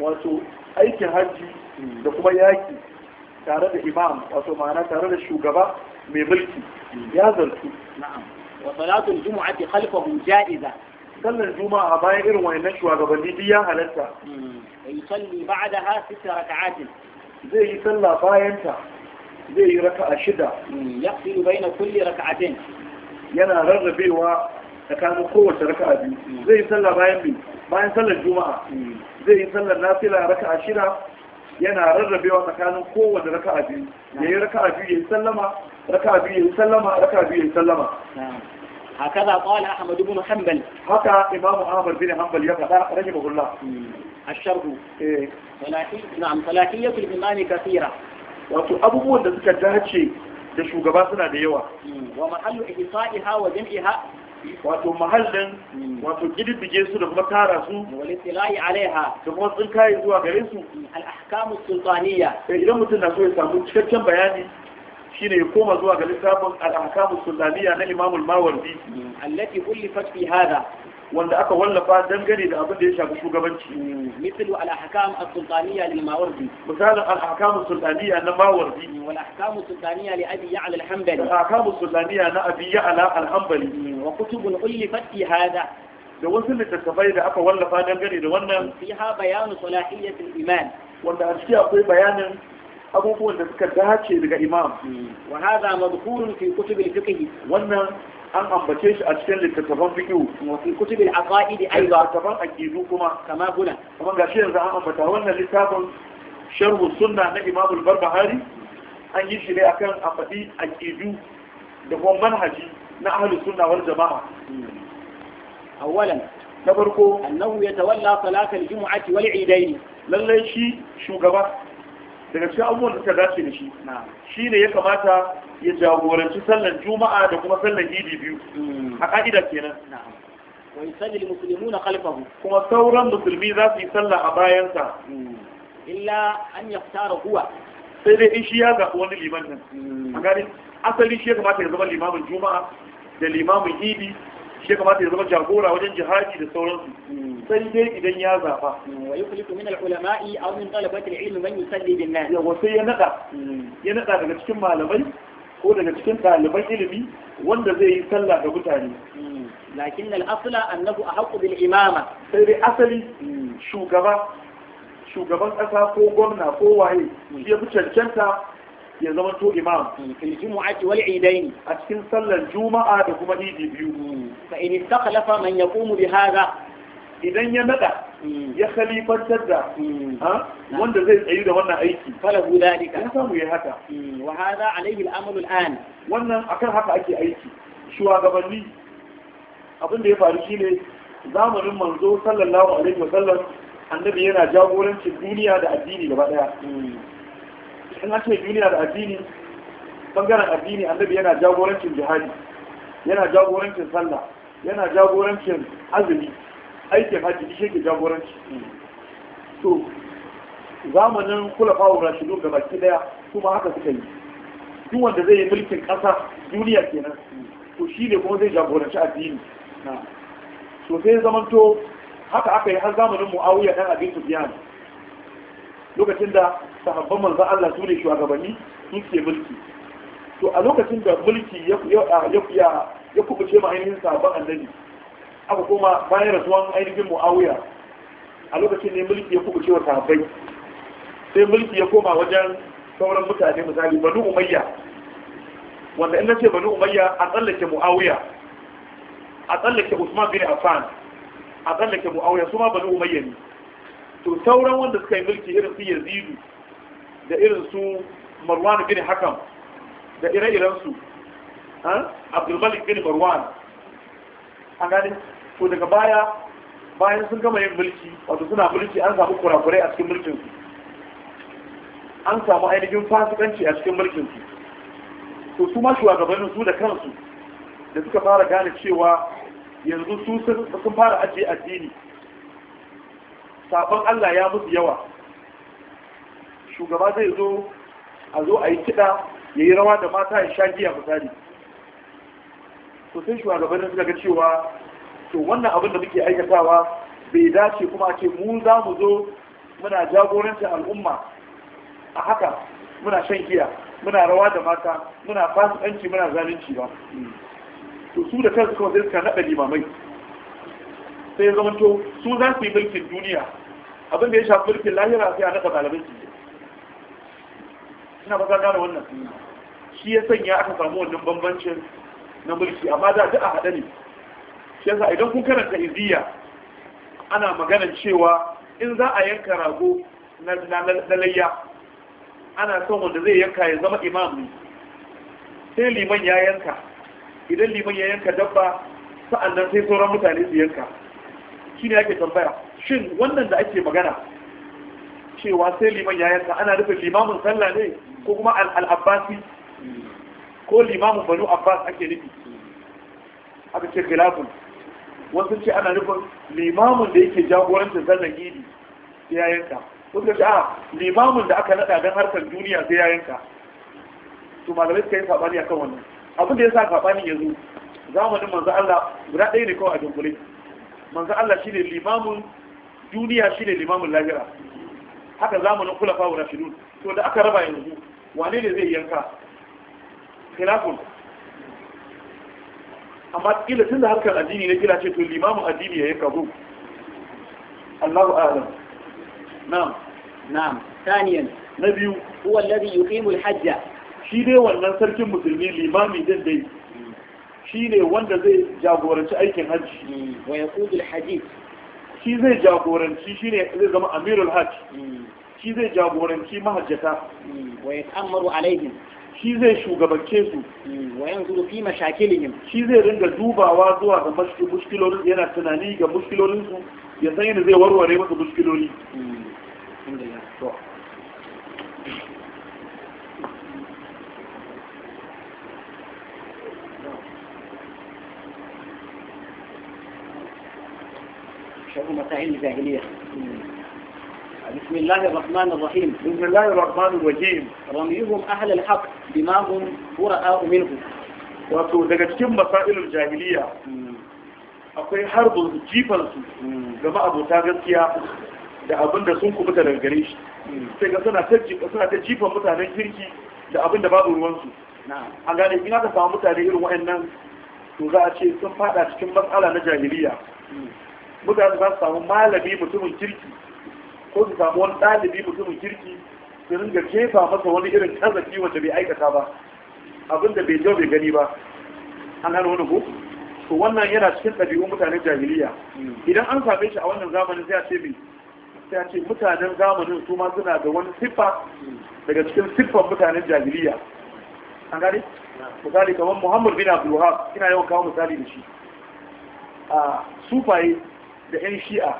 واتو أي كهج لكم ياكي تارى الإمام واتو معنا تارى الشوقبة مملكي يا ذلك نعم وصلاة الجمعة خلفه جائزة صلى الجمعة بايغر وينشوى غبليدية هلسا يصلي بعدها ست ركعات زي يصلى باينتا زي ركعة الشدة يقفل بين كل ركعتين yana rarrabewa tsakanin kowace raka'a biyu zai yi sallah bayan biyu bayan sallar juma'a zai yi sallar nafila raka'a shida yana rarrabewa tsakanin kowace raka'a biyu ya yi raka'a biyu ya yi sallama raka'a biyu ya yi sallama A biyu ya yi sallama هكذا قال أحمد بن حنبل هكا إمام أحمد بن حنبل يقرأ رحمه الله الشرح نعم صلاحية الإمام كثيرة wato abubuwan da suka dace da shugaba suna da yawa hmm. wa mahallu ihsa'iha wa jam'iha wato mahallin hmm. wato gidibige su da kuma tara su walitilai alaiha da kuma tsinkaye zuwa gare su hmm. al-ahkamu sultaniya eh, idan mutum na so ya samu cikakken bayani shine ya koma zuwa ga littafin al-ahkamu sultaniya na Imamul al-Mawardi allati ulifat fi hada wanda aka wallafa dangane da abin da ya shafi shugabanci misalu al-ahkam as-sultaniyya lil mawardi misalan al-ahkam as-sultaniyya na mawardi wal ahkam as-sultaniyya li abi ya'la al-hanbali al-ahkam as-sultaniyya na abi ya'la al-hanbali wa kutubun ullifat fi hada da wasu littattafai da aka wallafa dangane da wannan fiha bayan salahiyyat al-iman wanda a cikin akwai bayanin abubuwan da suka dace daga imam wa hadha madhkurun fi kutub al-fiqh wannan an ambace shi a cikin littattafan fiqhu wa fi kutubil aqaid aidan littattafan aqidu kuma kama gudan. kuma gashi yanzu an ambata wannan littafin sharhu sunna na Imam al-Barbahari an yi shi ne akan ambaci aqidu da kuma manhaji na ahlus sunna wal jama'a awalan na farko annahu yatawalla salatal jumu'ati wal idaini lalle shi shugaba daga cikin abubuwan da suka dace da shi shi ne ya kamata ya jagoranci sallan juma'a da kuma sallan idi biyu hmm. a ka'ida kenan wa yusalli al-muslimuna khalfahu kuma sauran musulmi za su yi sallah a bayansa hmm. illa an yaftara huwa sai dai in shi ya zaɓi wani liman nan hmm. a gani asali shi ya kamata ya zama limamin juma'a da limamin idi shi kamata ya zama jagora wajen jihadi da sauransu hmm. sai dai idan ya zaba hmm. wa yukhliqu min al-ulama'i aw min talabati al-ilm man yusalli bin nas yawa sai ya nada hmm. ya nada daga cikin malamai ko daga cikin ɗaliban ilimi wanda zai yi sallah ga mutane lakin al-asla annahu ahqqu bil imama sai dai asali shugaba shugaban ƙasa ko gwamna ko waye shi ya fi cancanta ya zama to imam fil jumu'ati wal a cikin sallar juma'a da kuma idi biyu hmm. fa in istakhlafa man yaqumu bi hadha idan ya nada hmm. ya khalifantar da hmm. wanda zai tsayi da wannan aiki falahu dalika ya samu ya haka wa hadha alayhi al al-an wannan akan haka ake aiki shugabanni abin da ya faru shine zamanin manzo sallallahu alaihi wa sallam annabi yana jagorancin duniya da addini gaba daya in an ce duniya da addini bangaren addini annabi yana jagorancin jihadi yana jagorancin sallah yana jagorancin azumi aikin hajji shi ke jagoranci to zamanin kula fawon rashidu ga baki daya kuma haka suka yi duk wanda zai yi mulkin ƙasa duniya kenan to shi ne kuma zai jagoranci addini na. sai zamanto haka aka yi har zamanin mu'awiya ɗan abin biya lokacin da sahabban manzan Allah su ne shugabanni sun ce mulki to a lokacin da mulki ya kubuce ma ainihin sahabban annabi aka koma bayan rasuwan ainihin mu'awiya a lokacin ne mulki ya kubuce wa sahabbai sai mulki ya koma wajen sauran mutane misali banu umayya wanda in ce banu umayya a tsallake mu'awiya a tsallake usman bin affan a tsallake mu'awiya su ma banu umayya ne to sauran wanda suka yi mulki irin su yazidu da irin su marwan bin hakam da ire iren su abdulmalik bin marwan an gani to daga baya bayan sun gama yin mulki wato suna mulki an samu kurakurai a cikin mulkinsu an samu ainihin fasikanci a cikin mulkinsu to su ma shugabannin su da kansu da suka fara gane cewa yanzu su sun fara ajiye addini sabon Allah ya musu yawa shugaba zai zo a zo a yi kiɗa ya yi rawa da mata ya sha giya misali to sai shugabannin suka ga cewa to wannan abin da muke aikatawa bai dace kuma ce mu za mu zo muna jagorancin al'umma a haka muna shan giya muna rawa da mata muna fasikanci muna zalunci ba to su da kansu kuma sai suka naɗa limamai sai ya zamanto su za su yi mulkin duniya abin da ya shafi mulkin lahira sai a daga dalibin su je ina ba gane wannan shi ya sanya aka samu wannan bambancin na mulki amma da duk a haɗe ne shi yasa idan kun karanta iziya ana maganan cewa in za a yanka rago na layya ana son wanda zai yanka ya zama imam ne sai liman ya yanka idan liman ya yanka dabba sa'annan sai sauran mutane su yanka shi ne ake tambaya shin wannan da ake magana cewa sai liman ya yanka ana nufin limamin sallah ne ko kuma al-abbasi ko limamin banu abbas ake nufi aka ce khilafun wasu ce ana nufin limamin da yake jagorancin sallan idi sai ya yanka wasu ce a limamin da aka nada don harkar duniya sai ya yanka to malamai suka yi sabani kan wannan abin da ya sa sabanin ya zo zamanin manzo Allah guda ɗaya ne kawai a dunkule manzo Allah shine limamin duniya shi ne limamin lahira haka zamanin kulafa wa rashidun to da aka raba yanzu wane ne zai yanka khilafun amma kila tun da harkar addini na kila ce to limamin addini ya yanka zo Allahu a'lam na'am na'am thaniyan na biyu huwa alladhi yuqimu al-hajja shi dai wannan sarkin musulmi limami din dai mm. shi ne wanda zai jagoranci aikin hajji mm. wa yaqudul hadith shi zai jagoranci shi ne zai zama amirul hajj shi zai jagoranci mahajjata wa yata'ammaru alaihim shi zai shugabance su wa yanzu fi mashakilihim shi zai ringa dubawa zuwa ga mushkilolin yana tunani ga mushkilolin su ya san yadda zai warware masa mushkiloli hmm. شر مسائل الجاهلية بسم الله الرحمن الرحيم بسم الله الرحمن الرحيم رميهم أهل الحق بما هم براء منه wato daga cikin masailul jahiliya akwai harbin jifansu ga ma'abota gaskiya da abin da sun kubuta daga gare shi sai ga suna ta jifan mutanen kirki da abin da babu ruwansu an gane in aka samu mutane irin waɗannan to za a ce sun fada cikin matsala na jahiliya mutane za su samu malami mutumin kirki ko su samu wani ɗalibi mutumin kirki su ringa jefa masa wani irin kazafi wanda bai aikata ba abin da bai jau bai gani ba an gano wani ko to wannan yana cikin ɗabi'un mutanen jahiliya idan an same shi a wannan zamanin sai a ce sai a ce mutanen zamanin su ma suna da wani siffa daga cikin siffan mutanen jahiliya an gane misali kamar muhammad bin abdul ina yawan kawo misali da shi a sufaye da 'yan shi'a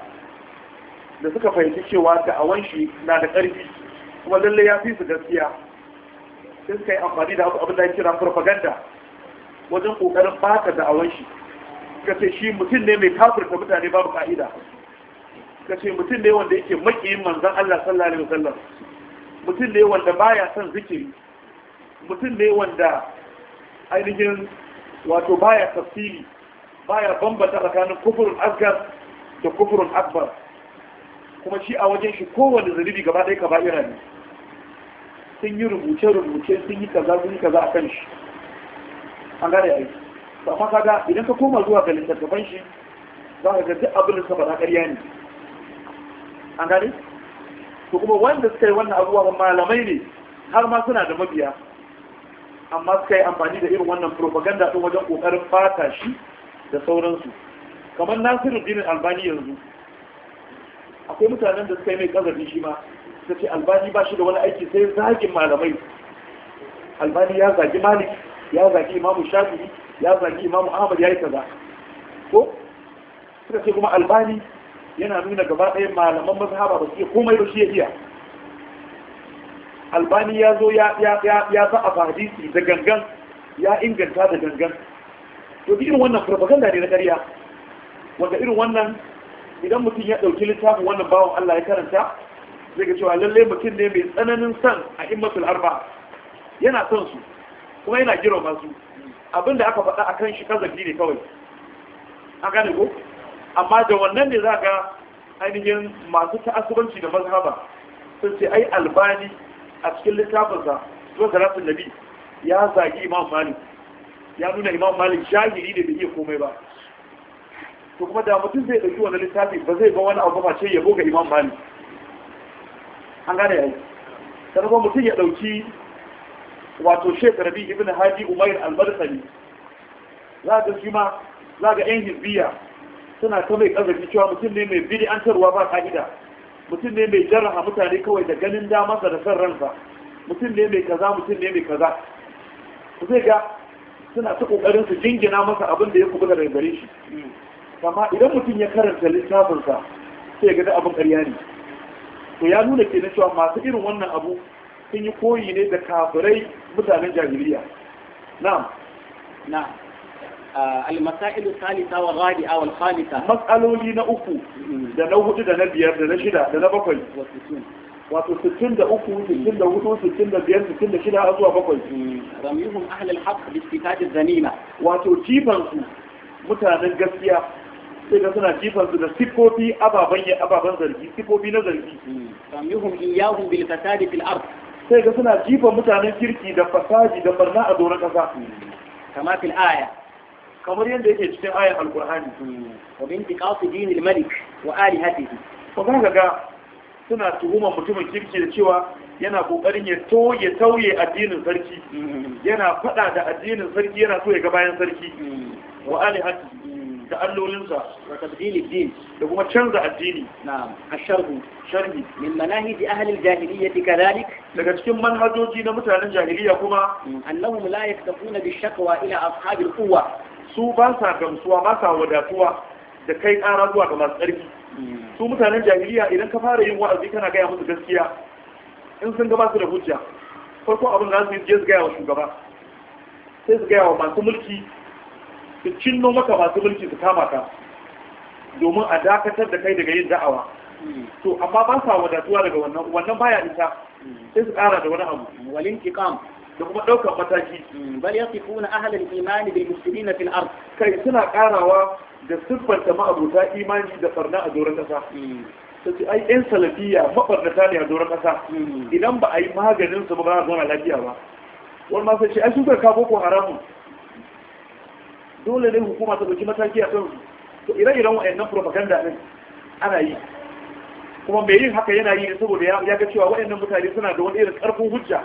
da suka fahimci cewa da'awan shi na da ƙarfi kuma lallai ya fi su gaskiya sai suka yi amfani da abin da ya kira farfaganda wajen ƙoƙarin baka da'awan shi ka ce shi mutum ne mai kafirta mutane babu ka'ida ka ce mutum ne wanda yake maƙiyin manzan Allah sallallahu alaihi wasallam mutum ne wanda baya son zikiri mutum ne wanda ainihin wato baya tafsiri baya bambanta tsakanin kufurin asgar da kufurun akbar kuma shi a wajen shi kowane zunubi gaba ɗaya ka ba'ira ne sun yi rubuce-rubuce sun yi kaza sun yi kaza a kan shi an gane a yi amma kaga idan ka koma zuwa ga littattafan shi za ka ga duk abin da suka ƙarya ne an gane to kuma wanda suka yi wannan abubuwa malamai ne har ma suna da mabiya amma suka yi amfani da irin wannan propaganda ɗin wajen ƙoƙarin fata shi da sauransu kamar nasiru dinin albani yanzu akwai mutanen da suka yi mai kazafi shi ma ta ce albani ba shi da wani aiki sai zagin malamai albani ya zagi malik ya zagi imamu Shafi, ya zagi imamu ahmad ya yi kaza ko suka ce kuma albani yana nuna gaba ɗaya malaman mazhaba ba su iya komai ba shi ya iya albani ya zo ya za a hadisi da gangan ya inganta da gangan to irin wannan farfaganda ne na ƙarya wanda irin wannan idan mutum ya ɗauki littafin wannan bawan Allah ya karanta zai ga cewa lallai mutum ne mai tsananin san a immatul arba yana son su kuma yana girma su abinda aka faɗa akan shi kazafi ne kawai an gane ko amma da wannan ne za ga ainihin masu ta'asubanci da mazhaba sun ce ai albani a cikin littafinsa zuwa zarafin nabi ya zagi imam malik ya nuna imam malik shahiri ne bai iya komai ba to kuma da mutum zai ɗauki wani littafi ba zai ba wani abu ba ce yabo ga imam malik an gane yayi sannan kuma mutum ya ɗauki wato shek rabi ibn hadi umair albarsani za ga shi ma za ga yan hizbiya suna ta mai ƙarfafi cewa mutum ne mai tarwa ba ka'ida mutum ne mai jarraha mutane kawai da ganin damarsa da san ransa mutum ne mai kaza mutum ne mai kaza ku zai ga suna ta ƙoƙarin su jingina masa abin da ya kubuta daga gare shi Kama idan mutum ya karanta littafinsa sai ya ga abin ƙarya ne to ya nuna ke cewa masu irin wannan abu sun yi koyi ne da kafirai mutanen jahiliya Na. Na. Ah, almasa'ilu masailu salisa wa radi wal khamisa mas'aloli na uku mm-hmm. da na hudu da na biyar da na shida da na bakwai wato 63 64 65 66 zuwa bakwai mm-hmm. ramihum ahlul haqq bi istitaj az wato jifan su mutanen gaskiya sai ga suna jifan su da sifofi ababen ya ababen zargi sifofi na zargi samihum hmm, iyahum bil fasadi fil ard sai ga suna jifan mutanen kirki da fasadi da barna a doron kasa hmm, kama fil aya kamar yadda yake cikin ayan alqur'ani hmm, wa binti qasidin al malik wa alihatihi ko ga ga suna tuhuma mutumin kirki da cewa yana kokarin ya toye tauye addinin sarki yana fada da addinin sarki yana so ya ga bayan sarki wa alihatihi da allolinsa wa tabdil din da kuma canza addini na'am asharhu sharhi min manahij ahli al-jahiliyyah kadhalik daga cikin manhajoji na mutanen jahiliya kuma hmm. annahum la yaktafuna bi shakwa ila ashab al su ba sa gamsuwa ba sa wadatuwa da kai ƙara zuwa ga masu tsarki hmm. su mutanen jahiliya idan ka fara yin wa'azi kana gaya musu gaskiya in sun ga su da hujja farko abin da za su je su gaya wa shugaba sai su gaya wa masu mulki su cinno maka masu mulki su kama ka domin a dakatar da kai daga yin da'awa to amma ba sa wadatuwa daga wannan wannan baya isa sai su kara da wani abu walin kiqam da kuma daukar mataki hmm, bal yaqifuna ahli al-iman bil muslimin fil ard kai suna karawa da siffanta ma'abuta imani da farna a doron kasa hmm. sai ai yan salafiya mabarnata ne a doron kasa hmm. idan ba a yi maganin su ba za a zauna lafiya ba wani masu sai shi ai sun ka boko haramun dole ne hukuma ta dauki mataki a kan to ire-iren waɗannan propaganda din ana yi kuma mai yin haka yana yi saboda ya ga cewa waɗannan mutane suna da wani irin ƙarfin hujja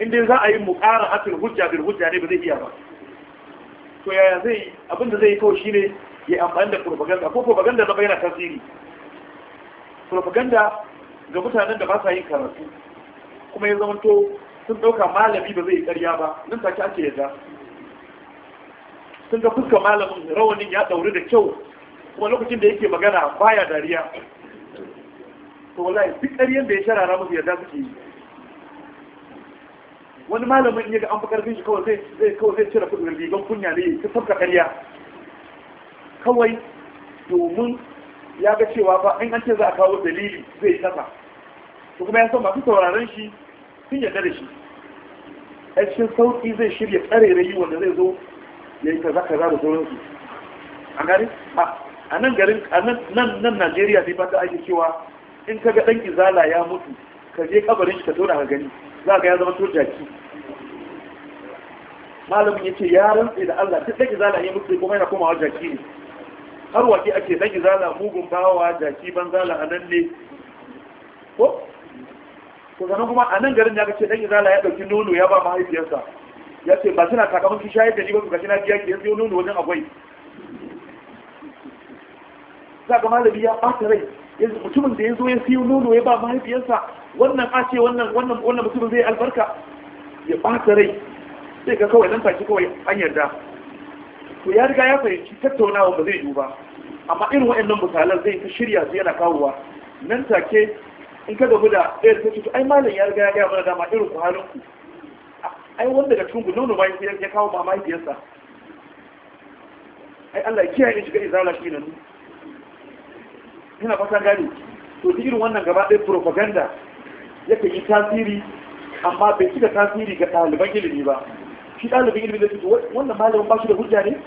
inda za a yi mu ƙara atul hujja bil hujja ne ba zai iya ba to yaya zai abinda zai yi kawai shine ya amfani da propaganda ko propaganda na bayyana tasiri propaganda ga mutanen da ba sa yin karatu kuma ya zamanto sun ɗauka malami ba zai yi karya ba nan take ake yadda sun ga kuka malamin rawanin ya dauri da kyau kuma lokacin da yake magana baya dariya to wallahi duk ƙaryen da ya sharara musu yadda suke yi wani malamin ya ga an fi shi kawai zai kawai zai cire kudin rigan kunya ne ta tafka ƙarya kawai domin ya ga cewa ba in an ce za a kawo dalili zai yi kasa to kuma ya san masu sauraron shi sun yarda da shi a cikin sauƙi zai shirya tsarerayi wanda zai zo ya yi kaza kaza da sauransu a gari a nan garin a nan nan najeriya sai fata ake cewa in ka ga ɗan izala ya mutu ka je kabarin shi ka tona ka gani za ka ya zama to jaki malamin ya ce ya rantse da allah duk ɗan izala ya mutu kuma yana komawa jaki ne har waje ake ɗan izala mugun bawa jaki banzala a nan ne ko ko sannan kuma a nan garin ya ga ce ɗan izala ya ɗauki nono ya ba mahaifiyarsa ya ce ba suna takamun ki shayar da ni ba shi na biya ke yanzu nono wajen akwai za ga malami ya ɓata rai mutumin da ya zo ya siyo nono ya ba mahaifiyarsa wannan a ce wannan wannan mutumin zai albarka ya ɓata rai sai ga kawai nan take kawai an yarda to ya riga ya fahimci tattaunawa ba zai yiwu ba amma irin waɗannan misalan zai ta shirya su yana kawowa nan take in ka gabu da ɗaya ta ce ai malam ya riga ya gaya mana dama irin ku halin ku ai wanda daga cikin gunono ba ya kawo ma mahaifiyarsa ai Allah ya kiyaye shiga izala shi nan ina fata gani to duk irin wannan gaba ɗaya propaganda yake yi tasiri amma bai cika tasiri ga ɗaliban ilimi ba shi ɗaliban ilimi zai fito wannan malamin ba shi da hujja ne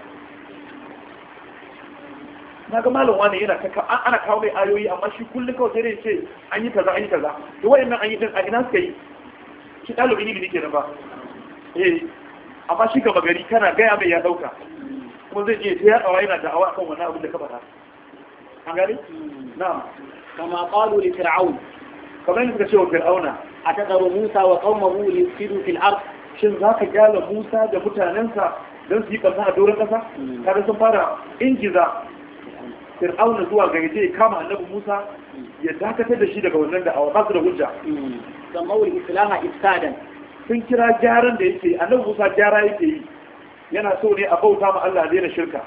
na ga malam wani yana ta ana kawo mai ayoyi amma shi kullum kawai sai dai ce an yi kaza an yi kaza to wayannan an yi din a ina suka yi shi ne ilimi nan ba eh amma shi gaba gari kana gaya mai ya dauka kuma zai je ta yaɗawa yana da'awa kan wani abin da ka faɗa an gani na kama qalu li fir'aun kamar yadda ka ce wa fir'auna atadaru musa wa qaumahu li yusidu fil ard shin zaka gyala musa da mutanensa don su yi ƙasa a doron ƙasa hmm. kada sun fara ingiza fir'auna zuwa ga yaje kama annabi musa ya dakatar da shi daga wannan da'awa ba su da hujja hmm. samawul islaha ifsadan sun kira gyaran da yake annabi Musa gyara yake yi yana so ne a bauta ma Allah daina shirka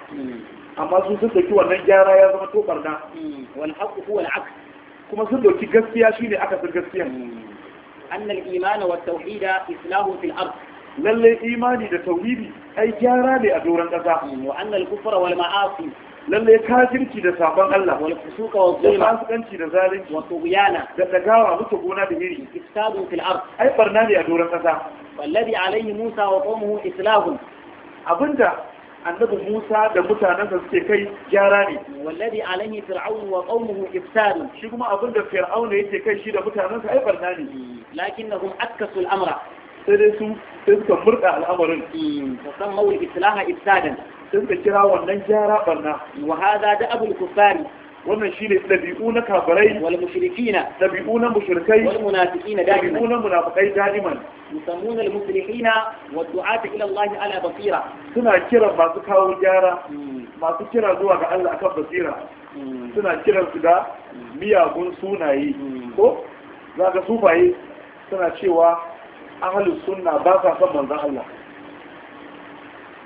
amma su sun dauki wannan gyara ya zama to barna wal haqqu huwa al kuma sun dauki gaskiya shine aka san gaskiya annal iman wa tauhida islahu fil ard lalle imani da tauhidi ai gyara ne a doron kasa wa annal kufra wal ma'asi lalle kafirci da sabon Allah wal fusuqa wa zulma fasikanci da zalunci wa tughyana da dagawa mutu gona da iri ifsadu fil ard ai barna ne a doron kasa wallazi alaihi Musa wa qawmuhu islahun abinda annabi Musa da mutanensa suke kai gyara ne wallazi alaihi fir'aun wa qawmuhu ifsad shi kuma abinda fir'aun yake kai shi da mutanensa ai barna ne hmm, lakinnahum akkasu al-amra sai dai su sai suka murda al'amarin musamman hmm, mawul islaha ibsadan sai suka kira wannan gyara barna wa hada da abul kufari wannan shine dabi'u na kafirai wal mushrikina dabi'u na mushrikai wal munafiqina dabi'u na munafiqai daiman yusammuna al muslihina wa du'ata ila Allah ala basira suna kira masu kawo gyara hmm. masu kira zuwa ga Allah akan basira hmm. suna kiran su da miyagun sunaye ko za zaka sufaye suna cewa ahalus sunna ba sa son manzan Allah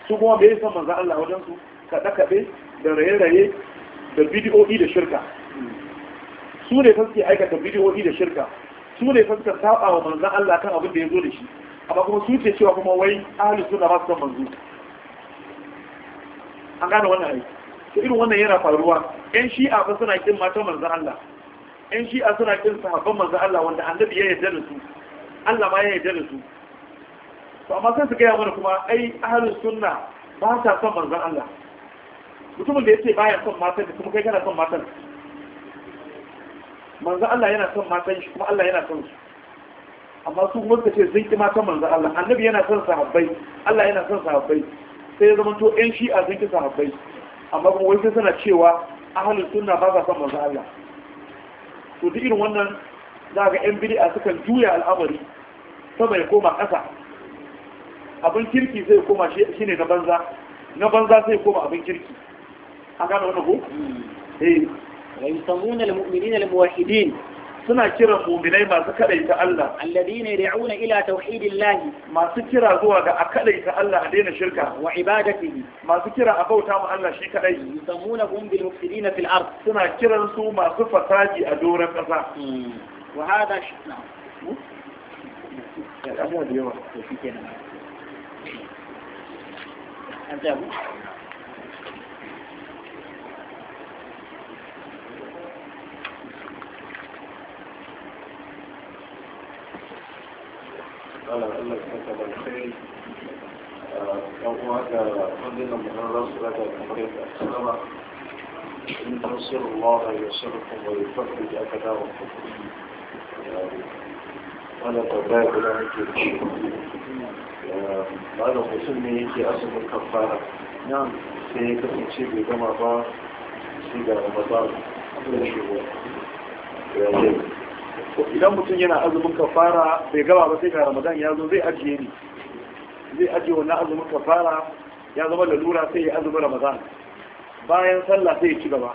su kuma bai son manzan Allah wajen su kaɗe-kaɗe da raye-raye da bidiyoyi da shirka su ne ta suke aikata bidiyoyi da shirka su ne ta suka saba wa manzan Allah kan abin da ya zo da shi amma kuma su ce cewa kuma wai ahalus sunna ba su son manzo an gane wannan aiki to irin wannan yana faruwa yan shi'a ba suna kin matan manzan Allah yan shi'a suna kin sahabban manzan Allah wanda annabi ya yarda da su Allah ba ya yi da su to amma sai su gaya mana kuma ai ahalin sunna ba sa son manzan Allah mutumin da ya ba baya son matan da kuma kai kana son matan manzan Allah yana son matan shi kuma Allah yana son su amma su kuma suka ce sun ki matan manzan Allah annabi yana son sahabbai Allah yana son sahabbai sai ya zama to ƴan a sun ki sahabbai amma kuma wai sai suna cewa ahlus sunna ba sa son manzon Allah to duk irin wannan za ga 'yan bid'a sukan juya al'amari sama ya koma ƙasa abin kirki zai koma shi ne na banza na banza zai koma abin kirki A gane wannan ko hmm. eh wa yusammuna al-mu'minina al-muwahhidin suna kiran mu'minai masu kadaita Allah Alladhi ne alladhina yad'una ila tauhidillahi masu kira zuwa ga a akadaita Allah a daina shirka wa ibadatihi masu kira a bauta mu Allah shi kadai yusammunahum bil mufsidina fil ard suna kiran su masu fasaji a doron kasa hmm. wa hada da abubuwa da yawa da shi kenan an zabu Allah eh, Allah aka wannan tambaya guda ake da shi malam mutum ne yake azumin kafara nan sai ya kasance bai gama ba sai ga ramadan da shigo idan mutum yana azumin kafara bai gama ba sai ga ramadan ya zo zai ajiye ni zai ajiye wannan azumin kafara ya zama lalura sai ya azumin ramadan bayan sallah sai ya ci gaba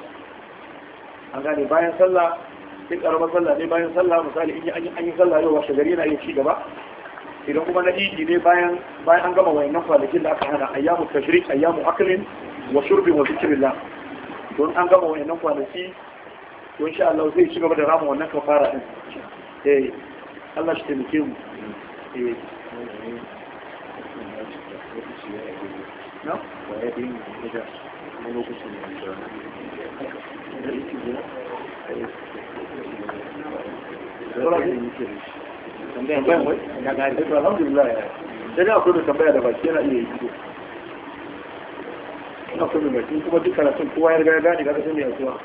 an gane bayan sallah in karamar sallah ne bayan sallah misali in an yi sallah yau washe gari yana iya ci gaba idan kuma na idi ne bayan bayan an gama wayannan kwanakin da aka hana ayyamu tashrik ayyamu aklin wa shurbin wa zikrillah don an gama wayannan kwanaki to insha Allah zai ci gaba da rama wannan kafara din eh Allah shi taimake mu eh na wa yadin da lokacin da tambayan wai alhamdulillah da tambaya da baki yana iya yi ina kuma baki kuma duk karatun kowa ya riga ya gane kaga yasuwa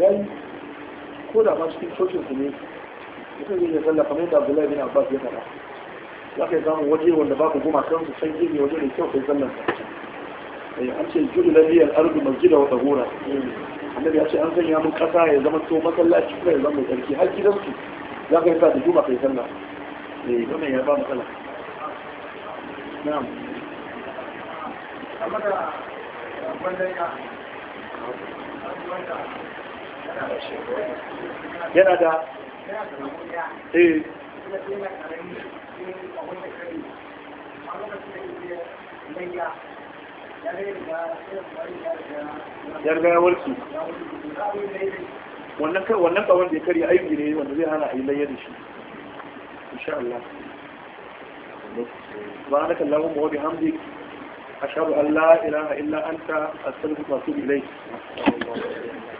yayi ko da ma cikin cocin su ne mutum zai yi sallah kamar yadda Abdullahi bin Abbas ya faɗa za ka yi samun waje wanda ba ku goma kan su san gefe waje mai kyau kai sallar sa eh, an ce judu na biyan ardu masjida wa tsagora annabi ya ce an sanya mun kasa ya zama to masallaci kuma ya zama mai tsarki har gidan su za ka yi sa da juma kai sallah eh wannan ya ba matsala na'am amma da wanda ya yana da eh yarga ya warki wannan kawon da ya aiki ne wanda zai hana a yi layar da shi insha Allah سبحانك اللهم وبحمدك أشهد أن لا إله إلا أنت أستغفرك وأتوب إليك